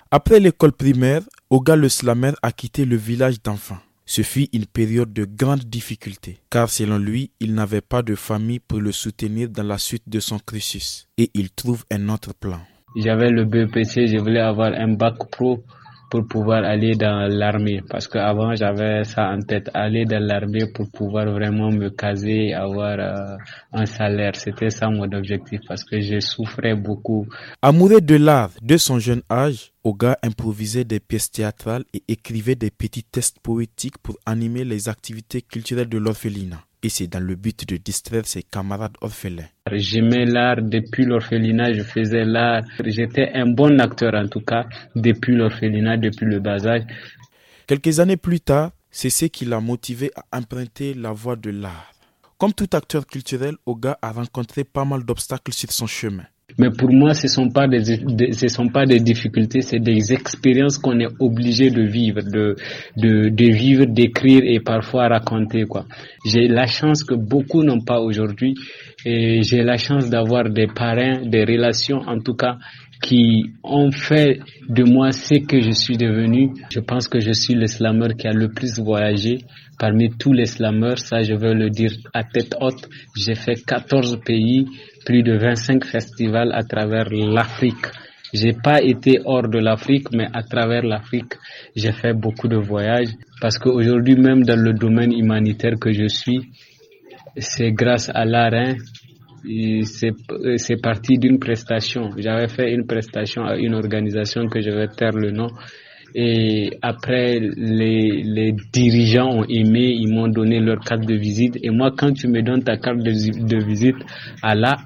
Speaker 11: Après l'école
Speaker 13: primaire, Oga le Slamer a quitté le village d'enfants. Ce fut une période de grandes
Speaker 11: difficultés,
Speaker 13: car selon lui, il n'avait pas de famille pour le soutenir dans la suite de son crisis. et il trouve un autre plan.
Speaker 11: J'avais le BPC, je voulais avoir un bac pro pour pouvoir aller dans l'armée. Parce qu'avant, j'avais ça en tête, aller dans l'armée pour pouvoir vraiment me caser avoir euh, un salaire. C'était ça mon objectif parce que je souffrais beaucoup. Amoureux de l'art de son jeune âge, Oga improvisait
Speaker 13: des pièces théâtrales et écrivait des petits textes poétiques pour animer les activités culturelles de l'orphelinat et c'est dans le but de distraire ses camarades
Speaker 11: orphelins. J'aimais l'art depuis l'orphelinat, je faisais l'art. J'étais un bon acteur en tout cas depuis l'orphelinat, depuis le bas âge. Quelques années plus tard, c'est ce qui l'a motivé à
Speaker 13: emprunter la voie de l'art. Comme tout acteur culturel, Oga a rencontré pas mal d'obstacles sur
Speaker 11: son chemin. Mais pour moi, ce ne sont, pas des, ce sont pas des difficultés, c'est des expériences qu'on est obligé de vivre, de, de, de vivre, d'écrire et parfois raconter. quoi. J'ai la chance que beaucoup n'ont pas aujourd'hui et j'ai la chance d'avoir des parrains, des relations en tout cas qui ont fait de moi ce que je suis devenu. Je pense que je suis le slameur qui a le plus voyagé parmi tous les slammeurs. Ça, je veux le dire à tête haute. J'ai fait 14 pays, plus de 25 festivals à travers l'Afrique. J'ai pas été hors de l'Afrique, mais à travers l'Afrique, j'ai fait beaucoup de voyages parce qu'aujourd'hui, même dans le domaine humanitaire que je suis, c'est grâce à l'art, hein, c'est parti d'une prestation. J'avais fait une prestation à une organisation que je vais taire le nom. Et après, les, dirigeants ont aimé, ils m'ont donné leur carte de visite. Et moi, quand tu me donnes ta carte de, visite à là...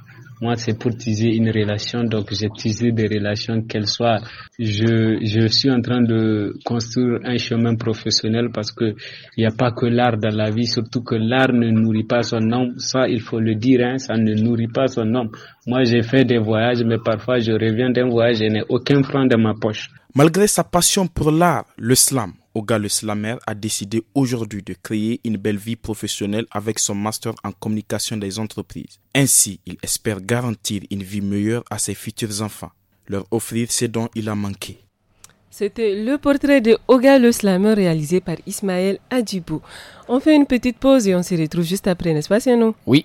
Speaker 11: Moi, c'est pour teaser une relation, donc j'ai tissé des relations, qu'elles soient. Je, suis en train de construire un chemin professionnel parce que il n'y a pas que l'art dans la vie, surtout que l'art ne nourrit pas son homme. Ça, il faut le dire, hein, ça ne nourrit pas son homme. Moi, j'ai fait des voyages, mais parfois je reviens d'un voyage et n'ai aucun franc dans ma poche.
Speaker 13: Malgré sa passion pour l'art, le slam, Oga le Slamer a décidé aujourd'hui de créer une belle vie professionnelle avec son master en communication des entreprises. Ainsi, il espère garantir une vie meilleure à ses futurs enfants, leur offrir ce dont il a manqué.
Speaker 2: C'était le portrait de Oga le Slammer réalisé par Ismaël Adjibou. On fait une petite pause et on se retrouve juste après, n'est-ce pas, Siano Oui.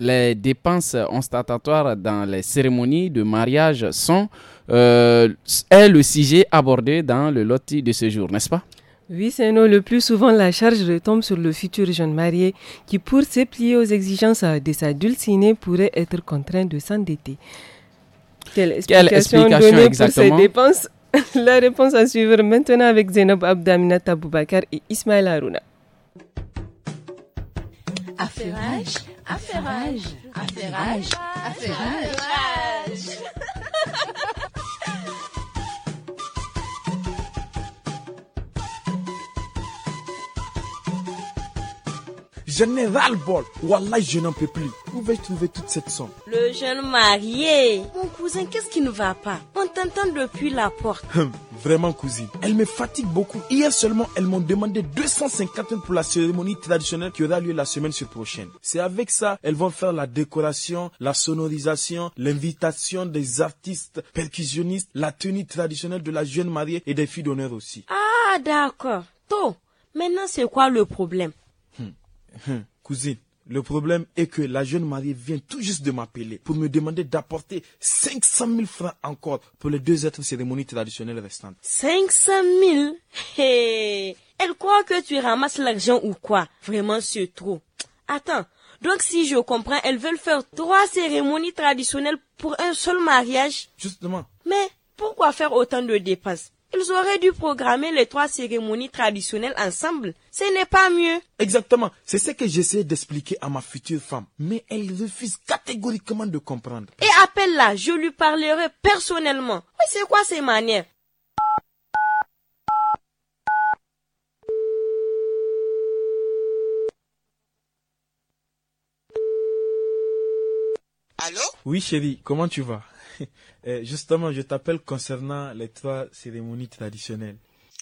Speaker 1: les dépenses ostentatoires dans les cérémonies de mariage sont, euh, est le sujet abordé dans le loti de ce jour, n'est-ce pas
Speaker 2: oui, c'est non. Le plus souvent, la charge retombe sur le futur jeune marié qui, pour se plier aux exigences de sa dulcinée, pourrait être contraint de s'endetter. Quelle explication, pour ces dépenses [LAUGHS] La réponse à suivre maintenant avec Zenob Abdaminata Boubakar et Ismaël Aruna.
Speaker 15: Affairage, affairage, affairage, affairage.
Speaker 13: Général bol. Wallah, je n'en peux plus. Où vais-je trouver toute cette somme
Speaker 7: Le jeune marié. Mon cousin, qu'est-ce qui ne va pas On t'entend depuis la porte.
Speaker 13: Hum. Vraiment, cousine. Elle me fatigue beaucoup. Hier seulement, elles m'ont demandé 250 pour la cérémonie traditionnelle qui aura lieu la semaine prochaine. C'est avec ça, elles vont faire la décoration, la sonorisation, l'invitation des artistes percussionnistes, la tenue traditionnelle de la jeune mariée et des filles d'honneur aussi.
Speaker 7: Ah, d'accord. To, maintenant, c'est quoi le problème?
Speaker 13: Hum, hum, cousine. Le problème est que la jeune mariée vient tout juste de m'appeler pour me demander d'apporter 500 000 francs encore pour les deux autres cérémonies traditionnelles restantes.
Speaker 7: 500 000 Elle croit que tu ramasses l'argent ou quoi Vraiment, c'est trop. Attends, donc si je comprends, elles veulent faire trois cérémonies traditionnelles pour un seul mariage Justement. Mais pourquoi faire autant de dépenses Ils auraient dû programmer les trois cérémonies traditionnelles ensemble ce n'est pas mieux.
Speaker 13: Exactement. C'est ce que j'essaie d'expliquer à ma future femme. Mais elle refuse catégoriquement de comprendre.
Speaker 7: Et appelle-la, je lui parlerai personnellement. Mais c'est quoi ces manières
Speaker 13: Allô Oui chérie, comment tu vas [LAUGHS] eh, Justement, je t'appelle concernant les trois cérémonies traditionnelles.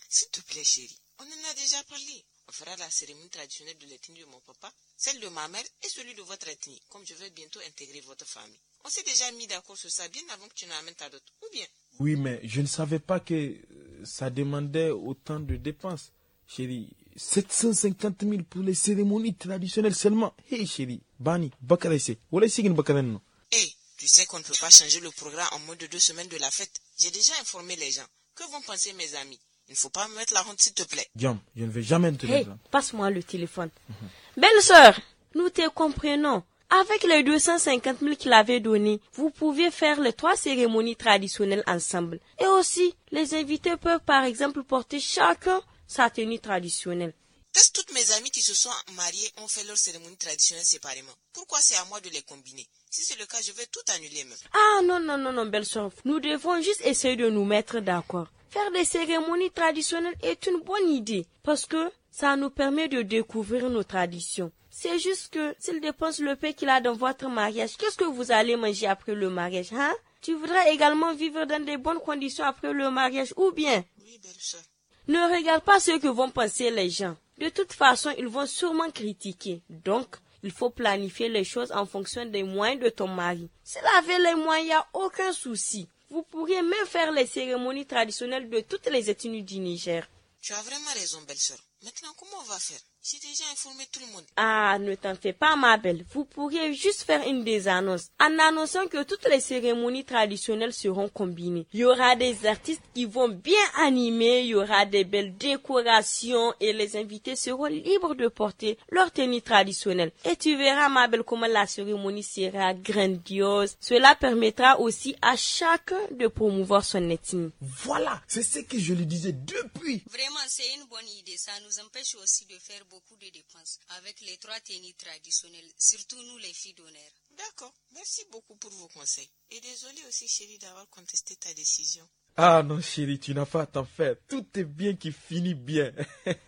Speaker 7: S'il te plaît chérie, on en a déjà parlé fera la cérémonie traditionnelle de l'ethnie de mon papa, celle de ma mère et celui de votre ethnie, comme je vais bientôt intégrer votre famille. On s'est déjà mis d'accord sur ça bien avant que tu n'amènes ta dot, ou bien
Speaker 13: Oui, mais je ne savais pas que euh, ça demandait autant de dépenses, chérie. 750 000 pour les cérémonies traditionnelles seulement. Hé, hey, chérie, Bani, non
Speaker 7: Hé, eh, tu sais qu'on ne peut pas changer le programme en moins de deux semaines de la fête. J'ai déjà informé les gens. Que vont penser mes amis il faut pas me mettre la honte, s'il te plaît. je ne vais jamais te hey, Passe-moi le téléphone. Mm-hmm. Belle sœur, nous te comprenons. Avec les 250 000 qu'il avait donnés, vous pouvez faire les trois cérémonies traditionnelles ensemble. Et aussi, les invités peuvent par exemple porter chacun sa tenue traditionnelle. Est-ce toutes mes amies qui se sont mariées ont fait leur cérémonie traditionnelle séparément Pourquoi c'est à moi de les combiner si c'est le cas, je vais tout annuler même. Ah non, non, non, non, belle soeur. Nous devons juste essayer de nous mettre d'accord. Faire des cérémonies traditionnelles est une bonne idée parce que ça nous permet de découvrir nos traditions. C'est juste que s'il dépense le paix qu'il a dans votre mariage, qu'est-ce que vous allez manger après le mariage, hein? Tu voudras également vivre dans des bonnes conditions après le mariage ou bien? Oui, belle soeur. Ne regarde pas ce que vont penser les gens. De toute façon, ils vont sûrement critiquer. Donc, il faut planifier les choses en fonction des moyens de ton mari. S'il avait les moyens, il n'y a aucun souci. Vous pourriez même faire les cérémonies traditionnelles de toutes les ethnies du Niger. Tu as vraiment raison, belle-sœur. Maintenant, comment on va faire informé tout le monde. Ah, ne t'en fais pas, ma belle. Vous pourriez juste faire une des annonces. En annonçant que toutes les cérémonies traditionnelles seront combinées. Il y aura des artistes qui vont bien animer, il y aura des belles décorations et les invités seront libres de porter leur tenue traditionnelle. Et tu verras, ma belle, comment la cérémonie sera grandiose. Cela permettra aussi à chacun de promouvoir son ethnie. Voilà, c'est ce que je lui disais depuis. Vraiment, c'est une bonne idée. Ça nous empêche aussi de faire beaucoup beaucoup de dépenses avec les trois tenues traditionnelles, surtout nous les filles d'honneur. D'accord. Merci beaucoup pour vos conseils. Et désolé aussi,
Speaker 13: chérie, d'avoir contesté ta décision. Ah non chérie, tu n'as pas à t'en faire. Tout est bien qui finit bien.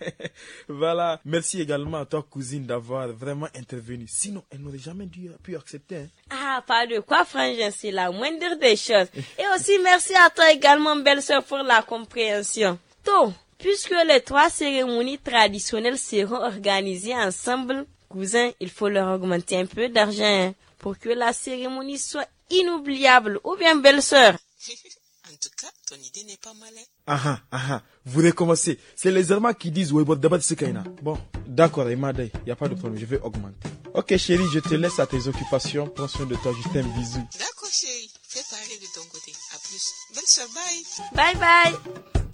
Speaker 13: [LAUGHS] voilà. Merci également à toi cousine d'avoir vraiment intervenu. Sinon, elle n'aurait jamais dû, pu accepter. Hein.
Speaker 7: Ah, pas de quoi, frangin, c'est la moindre des choses. Et aussi, merci à toi également, belle-sœur, pour la compréhension. Tout. Puisque les trois cérémonies traditionnelles seront organisées ensemble, cousin, il faut leur augmenter un peu d'argent pour que la cérémonie soit inoubliable. Ou bien belle-sœur. [LAUGHS] En tout cas,
Speaker 13: ton idée n'est pas mal. Ah, ah ah ah, vous recommencez. C'est les Allemands qui disent oui, bon, d'abord, Bon, d'accord, il n'y a pas de problème, je vais augmenter. Ok, chérie, je te laisse à tes occupations. Prends soin de toi, je t'aime, bisous.
Speaker 7: D'accord, chérie, fais pareil de ton côté. A plus.
Speaker 16: Belle sœur
Speaker 2: bye. Bye bye.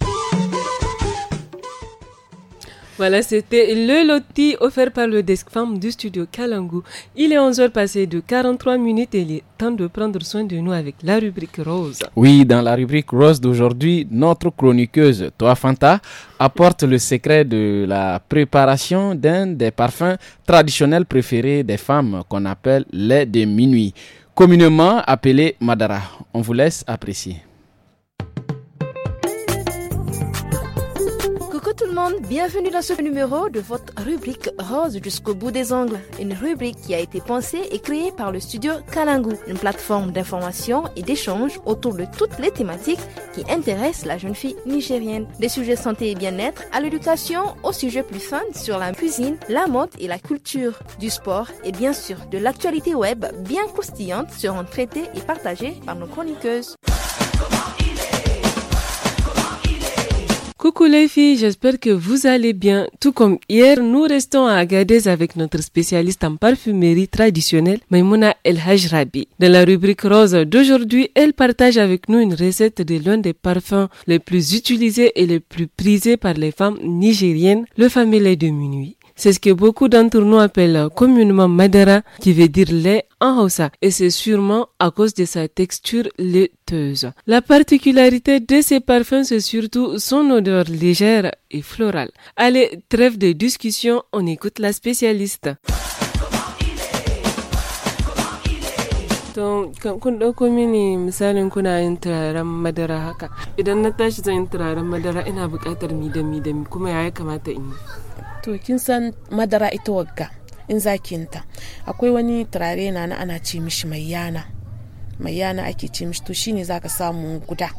Speaker 2: Voilà, c'était le loti offert par le desk femme du studio Kalangu. Il est 11h passé de 43 minutes et il est temps de prendre soin de nous avec la rubrique rose.
Speaker 1: Oui, dans la rubrique rose d'aujourd'hui, notre chroniqueuse, Toi Fanta, apporte le secret de la préparation d'un des parfums traditionnels préférés des femmes qu'on appelle les de minuit, communément appelé Madara. On vous laisse apprécier.
Speaker 16: bienvenue dans ce numéro de votre rubrique Rose jusqu'au bout des ongles, une rubrique qui a été pensée
Speaker 7: et créée par le studio Kalangu, une plateforme d'information et d'échange autour de toutes les thématiques qui intéressent la jeune fille nigérienne, des sujets santé et bien-être à l'éducation, aux sujets plus fun sur la cuisine, la mode et la culture, du sport et bien sûr de l'actualité web bien croustillante seront traités et partagés par nos chroniqueuses.
Speaker 2: Coucou les filles, j'espère que vous allez bien. Tout comme hier, nous restons à Agadez avec notre spécialiste en parfumerie traditionnelle, Maimouna El Hajrabi. Dans la rubrique rose d'aujourd'hui, elle partage avec nous une recette de l'un des parfums les plus utilisés et les plus prisés par les femmes nigériennes, le fameux lait de minuit. C'est ce que beaucoup d'entre nous appellent communément Madara, qui veut dire lait en Hausa. Et c'est sûrement à cause de sa texture laiteuse. La particularité de ces parfums, c'est surtout son odeur légère et florale. Allez, trêve de discussion, on écoute la spécialiste.
Speaker 15: to kin san madara ita wagga in zakinta akwai wani turare na na ana ce mishi mai yana mai yana ake ce mishi to shine zaka samu guda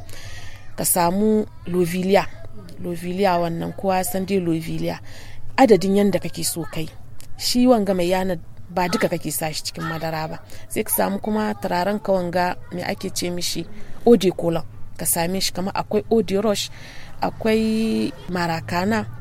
Speaker 15: ka samu lovilia lovilia wannan kowa san dai lovilia adadin yanda kake so kai shi wanga mai yana ba duka kake sa shi cikin madara ba sai ka samu kuma turaren ka wanga mai ake ce mishi ode ka same shi kama akwai ode rush akwai marakana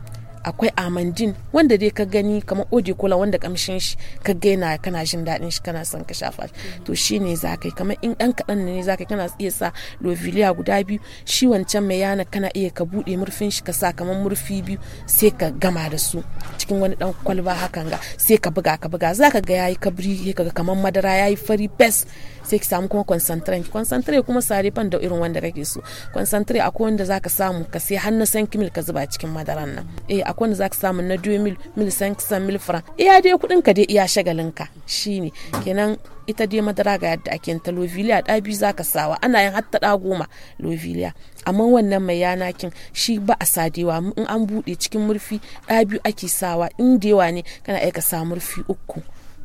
Speaker 15: akwai amandin wanda dai ka gani kamar oje kola wanda kamshin shi ka gaina kana jin daɗin shi kana son ka shafa shi mm-hmm. to shi ne za ka yi kamar in ɗan kaɗan ne za ka yi kana iya sa loviliya guda biyu shi wancan mai yana kana iya ka buɗe murfin shi ka sa kamar murfi biyu sai ka gama da su cikin wani ɗan kwalba hakan ga sai ka buga ka buga za ka ga yayi kabri ka ga kamar madara yayi fari bes sai ki samu kuma concentrate concentrate kuma sare fan da irin wanda kake so concentrate akwai wanda zaka samu ka sai har na san kimil ka zuba cikin madaran nan eh akwai wanda zaka samu na 2 mil mil san san mil fran iya dai kudin ka dai iya shagalin ka shine kenan ita dai madara ga yadda ake ta loviliya da biyu zaka sawa ana yin hatta da goma loviliya amma wannan mai yanakin shi ba a sadewa in an bude cikin murfi da biyu ake sawa in da ne kana aika sa murfi uku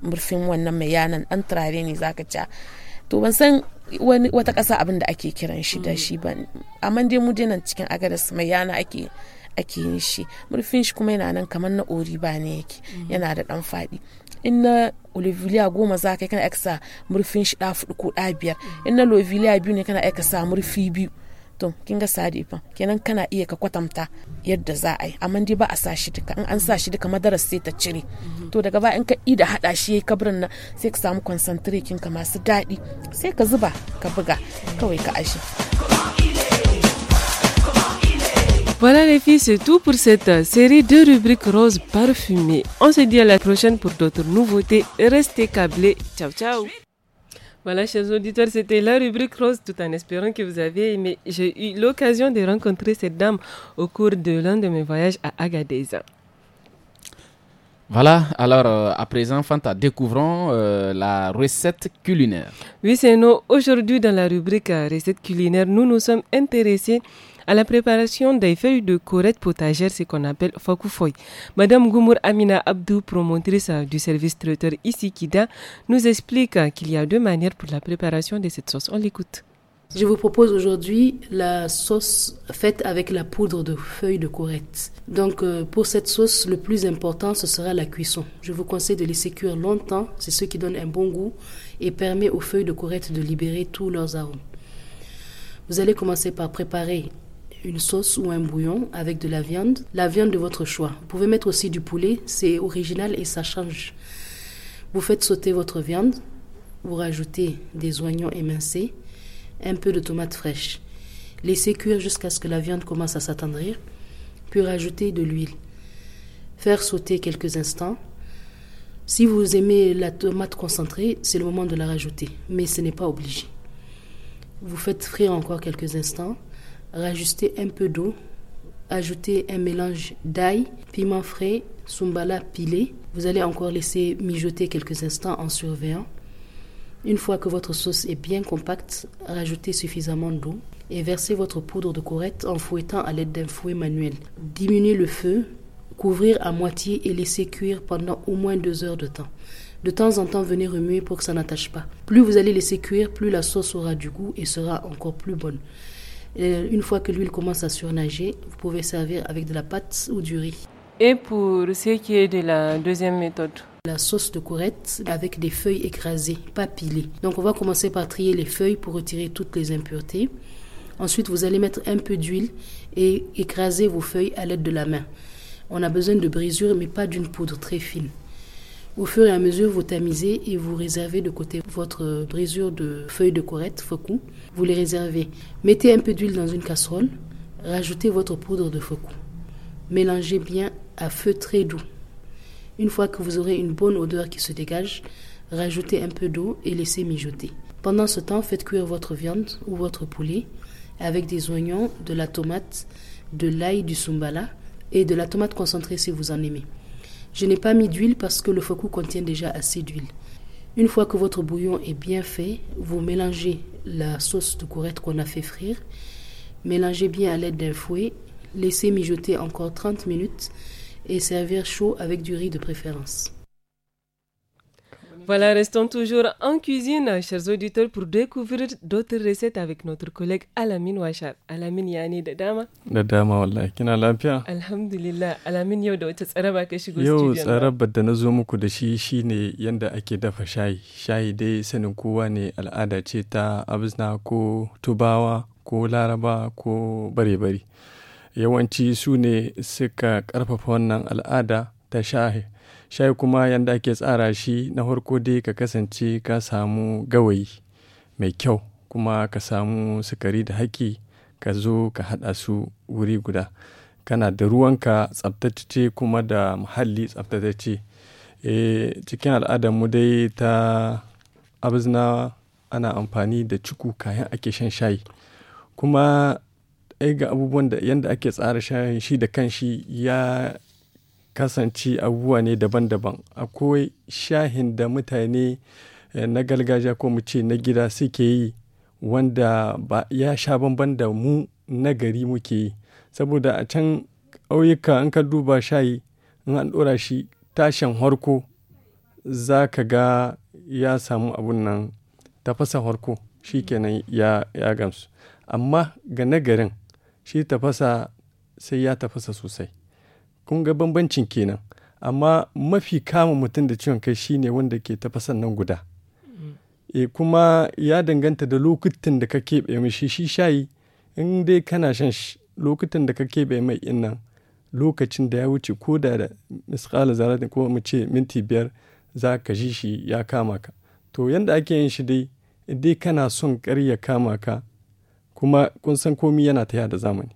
Speaker 15: murfin wannan mai yanan dan turare ne zaka ci to ban san wani wata ƙasa abin da ake kiran shi da mm. shi ba amma dai mu dai nan cikin agadas mai yana ake ake yin shi murfin shi kuma yana nan kamar na ori ba ne yake mm. yana da dan faɗi in na oliviliya goma za ka kana aka sa murfin shi ɗafuɗu ko ɗabiyar biyar mm. in na loviliya biyu ne kana aka sa murfi biyu to kin ga sadi fa kenan kana iya ka kwatanta yadda za a yi amma dai ba a sa shi duka in an sa shi duka madaras sai ta cire to daga baya in ka yi da hada shi yayi kabrin nan sai ka samu kin ka masu daɗi sai ka zuba ka buga kawai ka ashe
Speaker 2: Voilà les filles, c'est tout pour cette euh, série de rubriques roses parfumées. On se dit à la prochaine pour d'autres nouveautés. Restez câblés. Ciao ciao Voilà, chers auditeurs, c'était la rubrique rose, tout en espérant que vous avez aimé. J'ai eu l'occasion de rencontrer cette dame au cours de l'un de mes voyages à Agadeza.
Speaker 1: Voilà, alors euh, à présent, Fanta, découvrons euh, la recette culinaire.
Speaker 2: Oui, c'est nous. Aujourd'hui, dans la rubrique euh, recette culinaire, nous nous sommes intéressés à la préparation des feuilles de corette potagère, ce qu'on appelle fakoufoy. Madame Goumour Amina Abdou, promotrice euh, du service traiteur Isikida, nous explique euh, qu'il y a deux manières pour la préparation de cette sauce. On l'écoute.
Speaker 16: Je vous propose aujourd'hui la sauce faite avec la poudre de feuilles de corette. Donc euh, pour cette sauce, le plus important, ce sera la cuisson. Je vous conseille de laisser cuire longtemps, c'est ce qui donne un bon goût et permet aux feuilles de corette de libérer tous leurs arômes. Vous allez commencer par préparer une sauce ou un bouillon avec de la viande, la viande de votre choix. Vous pouvez mettre aussi du poulet, c'est original et ça change. Vous faites sauter votre viande, vous rajoutez des oignons émincés, un peu de tomate fraîche. Laissez cuire jusqu'à ce que la viande commence à s'attendrir, puis rajoutez de l'huile. Faire sauter quelques instants. Si vous aimez la tomate concentrée, c'est le moment de la rajouter, mais ce n'est pas obligé. Vous faites frire encore quelques instants. Rajuster un peu d'eau, ajoutez un mélange d'ail, piment frais, sumbala pilé. Vous allez encore laisser mijoter quelques instants en surveillant. Une fois que votre sauce est bien compacte, rajoutez suffisamment d'eau et versez votre poudre de courette en fouettant à l'aide d'un fouet manuel. Diminuez le feu, couvrir à moitié et laisser cuire pendant au moins deux heures de temps. De temps en temps, venez remuer pour que ça n'attache pas. Plus vous allez laisser cuire, plus la sauce aura du goût et sera encore plus bonne. Euh, une fois que l'huile commence à surnager, vous pouvez servir avec de la pâte ou du riz. Et pour ce qui est de la deuxième méthode la sauce de courette avec des feuilles écrasées, pas pilées. Donc on va commencer par trier les feuilles pour retirer toutes les impuretés. Ensuite, vous allez mettre un peu d'huile et écraser vos feuilles à l'aide de la main. On a besoin de brisure, mais pas d'une poudre très fine. Au fur et à mesure, vous tamisez et vous réservez de côté votre brisure de feuilles de corette, focou. Vous les réservez. Mettez un peu d'huile dans une casserole. Rajoutez votre poudre de focou. Mélangez bien à feu très doux. Une fois que vous aurez une bonne odeur qui se dégage, rajoutez un peu d'eau et laissez mijoter. Pendant ce temps, faites cuire votre viande ou votre poulet avec des oignons, de la tomate, de l'ail, du sumbala et de la tomate concentrée si vous en aimez. Je n'ai pas mis d'huile parce que le foku contient déjà assez d'huile. Une fois que votre bouillon est bien fait, vous mélangez la sauce de courette qu'on a fait frire, mélangez bien à l'aide d'un fouet, laissez mijoter encore 30 minutes et servir chaud avec du riz de préférence.
Speaker 2: Voilà, restons toujours en cuisine, chers auditeurs, pour découvrir d'autres recettes avec notre collègue Alamine Wachar. Alamine yani da dama?
Speaker 17: Da dama wallahi, kina lafiya?
Speaker 2: Alhamdulillah, Alamin yau da wata tsaraba ka shigo studio. Yau tsarabar
Speaker 17: da na zo muku da shi shine yanda ake dafa shayi. Shayi dai sanin kowa ne al'ada ce ta Abzna ko Tubawa ko Laraba ko bare-bare. Yawanci su ne suka karfafa wannan al'ada ta shayi shayi kuma yadda ake tsara shi na farko dai ka kasance ka samu gawayi mai kyau kuma ka samu sukari da haki ka zo ka haɗa su wuri guda kana da ruwanka tsabtacce kuma da muhalli tsabtacce e, eh, cikin al'adarmu dai ta abuzna ana amfani da ciku kayan ake shan shayi kuma ga abubuwan da yadda ake tsara shayin shi da kan shi ya kasance abubuwa ne daban-daban akwai shahin da mutane eh, na gargajiya ko mu ce na gida suke yi wanda ba ya sha bamban da mu na gari muke yi saboda a can ƙauyuka in ka duba shayi in an ɗora shi tashin harko za ka ga ya samu abun nan tafasa harko shi kenan ya, ya gamsu amma ga nagarin shi tafasa sai ya tafasa sosai kun ga bambancin kenan amma mafi kama mutum da ciwon kai shine wanda ke tafasan nan guda e kuma ya danganta da lokutan da ka keɓe mishi shi shayi in dai kana shan lokutan da ka keɓe mai innan lokacin da ya wuce ko da da misƙala zaratin ko mu ce minti biyar za ka ji shi ya kama ka to yanda ake yin shi dai dai kana son kar ya kama ka kuma kun san komi yana ta da zamani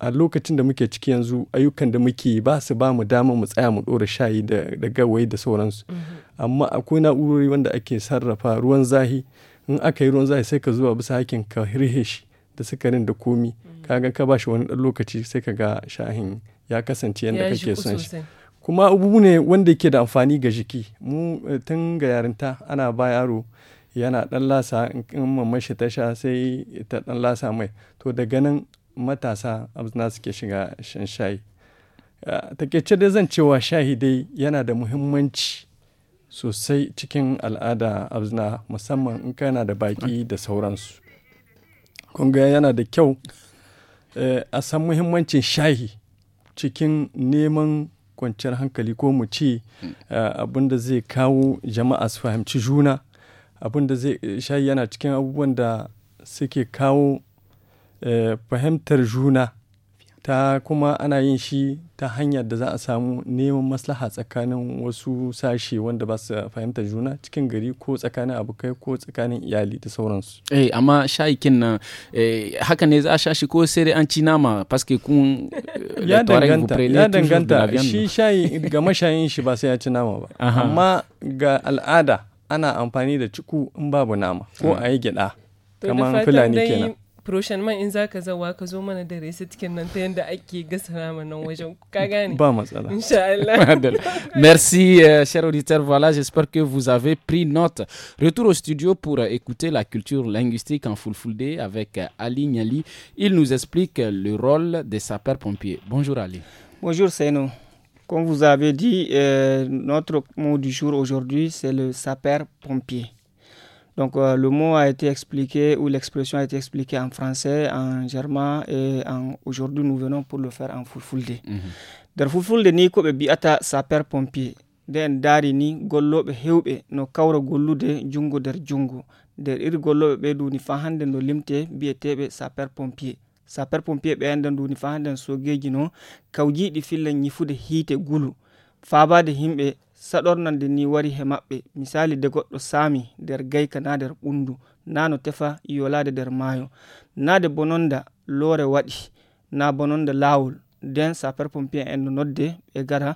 Speaker 17: a lokacin da muke ciki yanzu ayyukan da muke ba su ba mu dama mu tsaya mu ɗora shayi da gawayi da sauransu mm-hmm. amma akwai na'urori wanda ake sarrafa ruwan zahi in aka yi ruwan zahi sai ka zuwa bisa hakin ka hirhe shi da sukarin da komi mm. ka kaga ka ba wani ɗan lokaci sai ka ga shahin ya kasance yadda kake son shi kuma abubu ne wanda yake da amfani ga jiki mu eh, tun ga yarinta ana ba yaro yana ɗan lasa in mamman shi ta sha sai ta ɗan lasa mai to daga nan matasa na suke shiga shan shayi takaice dai zan cewa shayi dai yana da muhimmanci sosai cikin al'ada abzina musamman in kana da baki da sauransu kunga yana da kyau eh, a san muhimmancin shayi cikin neman kwanciyar hankali ko mu ce eh, abin da zai kawo jama'a su fahimci juna abin da zai shayi yana cikin abubuwan da suke kawo Eh, fahimtar juna ta kuma ana yin shi ta hanyar da za a samu neman maslaha tsakanin wasu sashe wanda ba su fahimtar juna cikin gari ko tsakanin abokai ko tsakanin iyali da sauransu. Eh
Speaker 1: amma shayikin nan
Speaker 17: eh, haka ne za a sha shi
Speaker 1: ko sai dai an ci nama paske kun eh, ya danganta ya danganta shi
Speaker 17: shayi ga mashayin shi ba sai ya ci nama ba amma ga al'ada ana amfani da ciku in babu nama ko hmm. a yi gyada kamar fulani kenan
Speaker 2: Prochainement, nan ta ake
Speaker 1: [LAUGHS] Merci, euh, cher auditeur. Voilà, j'espère que vous avez pris note. Retour au studio pour euh, écouter la culture linguistique en full full avec euh, Ali Niali. Il nous explique le rôle des sapeurs-pompiers. Bonjour Ali.
Speaker 18: Bonjour nous Comme vous avez dit, notre mot du jour aujourd'hui, c'est le sapeur-pompier. Donc euh, le mot a été expliqué ou l'expression a été expliquée en français, en germain et en... aujourd'hui nous venons pour le faire en fulfulde. Mm -hmm. fulfulde ni ko bi ata saper pompier Den darini ni heube hewbe no kawra gollude jungo der jungo Der ir gollobe ɓe ni fa no limte mbi'eteɓe saper pompier saper pompier ɓe enden ni fahande so sogeji no di filla yifude hite gulu de himbe saɗornande ni wari he maɓɓe misali de goɗɗo saami nder gayka na nder ɓundu na no tefa yolade nder maayo na de bononda loore waɗi na bononda laawol nden sapere pompien en no nodde ɓe gara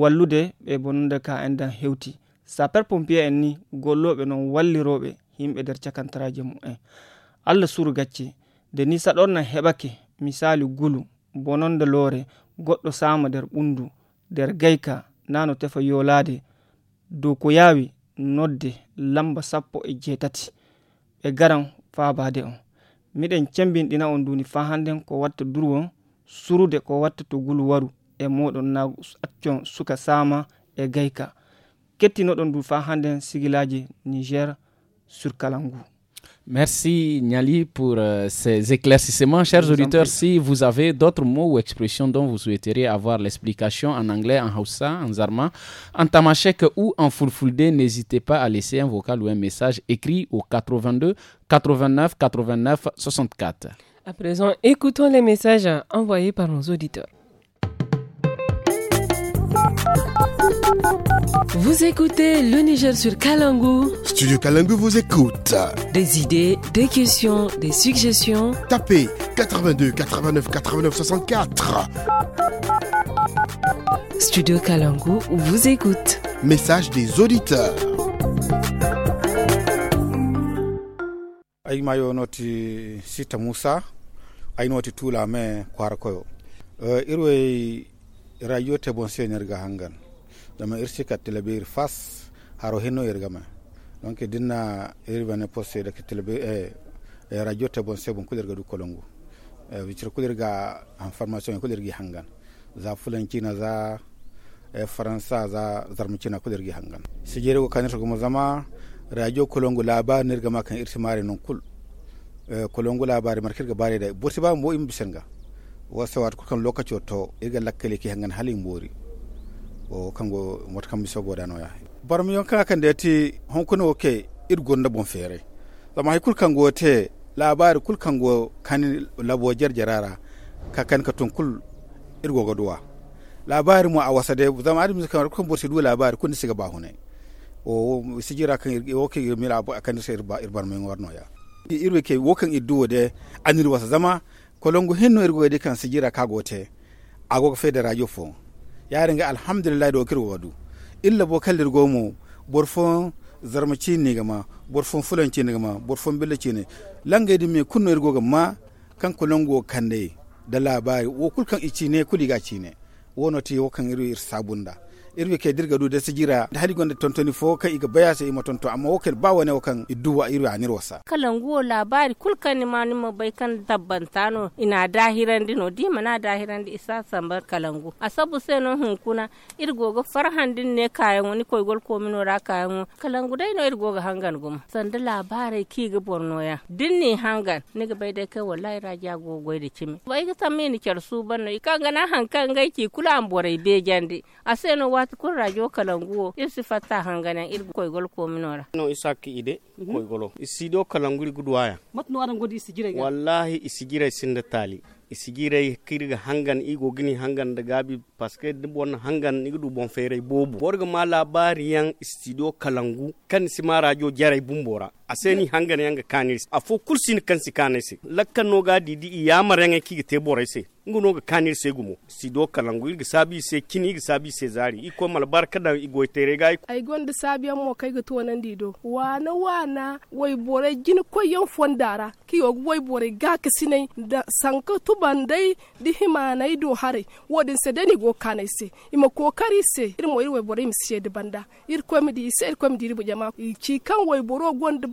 Speaker 18: wallude ɓe bononda ka en dan hewti sapere pompien en ni golloɓe noon walliroɓe yimɓe nder cakantaraje mumen allah suru gacce de ni saɗorna heɓake misali gulu bononda loore goɗɗo saama nder ɓundu nder gayka nano tefa yolade dow ko yawi nodde lamba sappo e jeetati ɓe garan faabade on miɗen cembinɗina on duni fa handen ko watta durwon surude ko watta to gulu waru e moɗon na accon suka sama e gayka kettinoɗon du fa handen sigilaji niger surkalangu
Speaker 1: Merci Niali pour euh, ces éclaircissements. Chers auditeurs, si vous avez d'autres mots ou expressions dont vous souhaiteriez avoir l'explication en anglais, en Hausa, en Zarma, en Tamashek ou en Fulfulde, n'hésitez pas à laisser un vocal ou un message écrit au 82 89 89 64.
Speaker 2: À présent, écoutons les messages envoyés par nos auditeurs. Vous écoutez le Niger sur Kalangou. Studio Kalangou vous écoute. Des idées, des questions, des suggestions. Tapez 82 89 89 64. Studio
Speaker 19: Kalangou vous écoute. Message des auditeurs. ay noti sita noti koyo euh, hangan dama irsi kattile bir fas haro hino yergama donc dinna irvane poste da kattile bir e eh, eh, radio te bon sebon kulirga du kolongu e eh, vicir kulirga en formation kulirgi hangan za fulancina za e eh, faransa za zarmucina kulirgi hangan sijere ko kanir ko zama radio kolongu labar nirgama kan irsi mari non kul e kolongu labari markirga bare da bursi ba mo imbisenga wasa wat kukan lokaci to irga lakkale ki hangan halin bori o kango mot kam miso godanoya bar mi yonka kan de ti honkuno oke ir gonda bon fere la mai kul kango te labari kul kango kan labo jarjarara ka kan ka tun kul ir gogo duwa labari mu a wasade zama adim kan kun borsi du labari kun siga ba hune o sigira kan o ke mi labo akan sai irba irbar mi warnoya irwe ke wokan idduwo de anir wasa zama kolongo hinno irgo de kan sigira kagote agogo federa yofo yarin ga alhamdulillah da wakir wadu illa bo kallir gomo borfon zarmaci ne gama borfon fulanci ne gama borfon billaci ne langa di me kunno irgo gama kan kan kande da labari wo kulkan ici ne kuliga ci ne wono wo kan iru sabunda irwe ke dirga du da sigira da hali gonda tontoni fo kai ga baya sai ma tonto amma woken ba wani wakan idduwa irwe anir wasa
Speaker 7: guwa labari kulkani ma ma bai kan tabbantano ina dahiran dino di mana dahiran di isa sambar kalangu asabu sai no hunkuna irgoga farhan din ne kayan wani gol ko mino ra kayan kalangu dai no irgoga hangan gum sanda labarai ki ga borno ya din ne hangan ni ga bai dai kai wallahi go gogoi da kimi bai ga tamme ni kyarsu banno ga na hankan gai ki kula an borai bejandi asai no radio kalangu fatta ko minora
Speaker 14: no isaki ide isido kalangu
Speaker 16: matno godi isigira
Speaker 14: wallahi isigira tali hangan Igogini gini hangan da gabi paske bon hangan du bon fere bobu kalangu kan radio bumbora aseni hangane yanga kanisi kursi ni kansi kanisi lakka noga didi ya marenga kigi te borese nguno ga kanir segumo sido kalangu ga sabi se kini ga sabi se zari iko mal barka da igo tere ga
Speaker 16: ai gonda sabiyan mo kai ga to nan dido wana wana wai bore jin ko yan fondara ki yo wai bore ga kasine da sanko to bandai di himana ido hare wodin se dani go kanai se ima kokari se irmo irwe bore mi se de banda ir ko mi di se ir ko ribu di bu jama ci kan wai boro gonda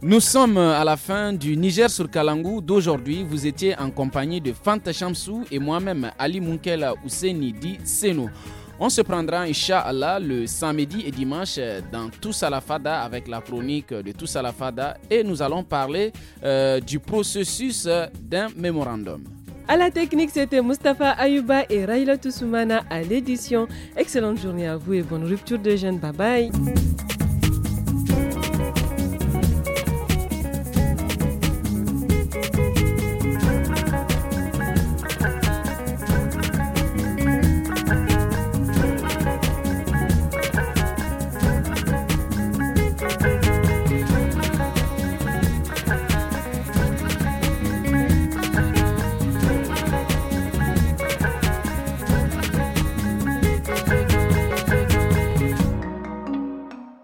Speaker 1: Nous sommes à la fin du Niger sur Kalangou d'aujourd'hui. Vous étiez en compagnie de Fanta Shamsou et moi-même Ali Munkela Ouseni Di Seno. On se prendra, Inch'Allah, le samedi et dimanche dans Toussalafada Fada avec la chronique de Tous Fada et nous allons parler euh, du processus d'un mémorandum.
Speaker 2: À la technique, c'était Mustapha Ayuba et Raila Toussoumana à l'édition. Excellente journée à vous et bonne rupture de jeûne. Bye bye.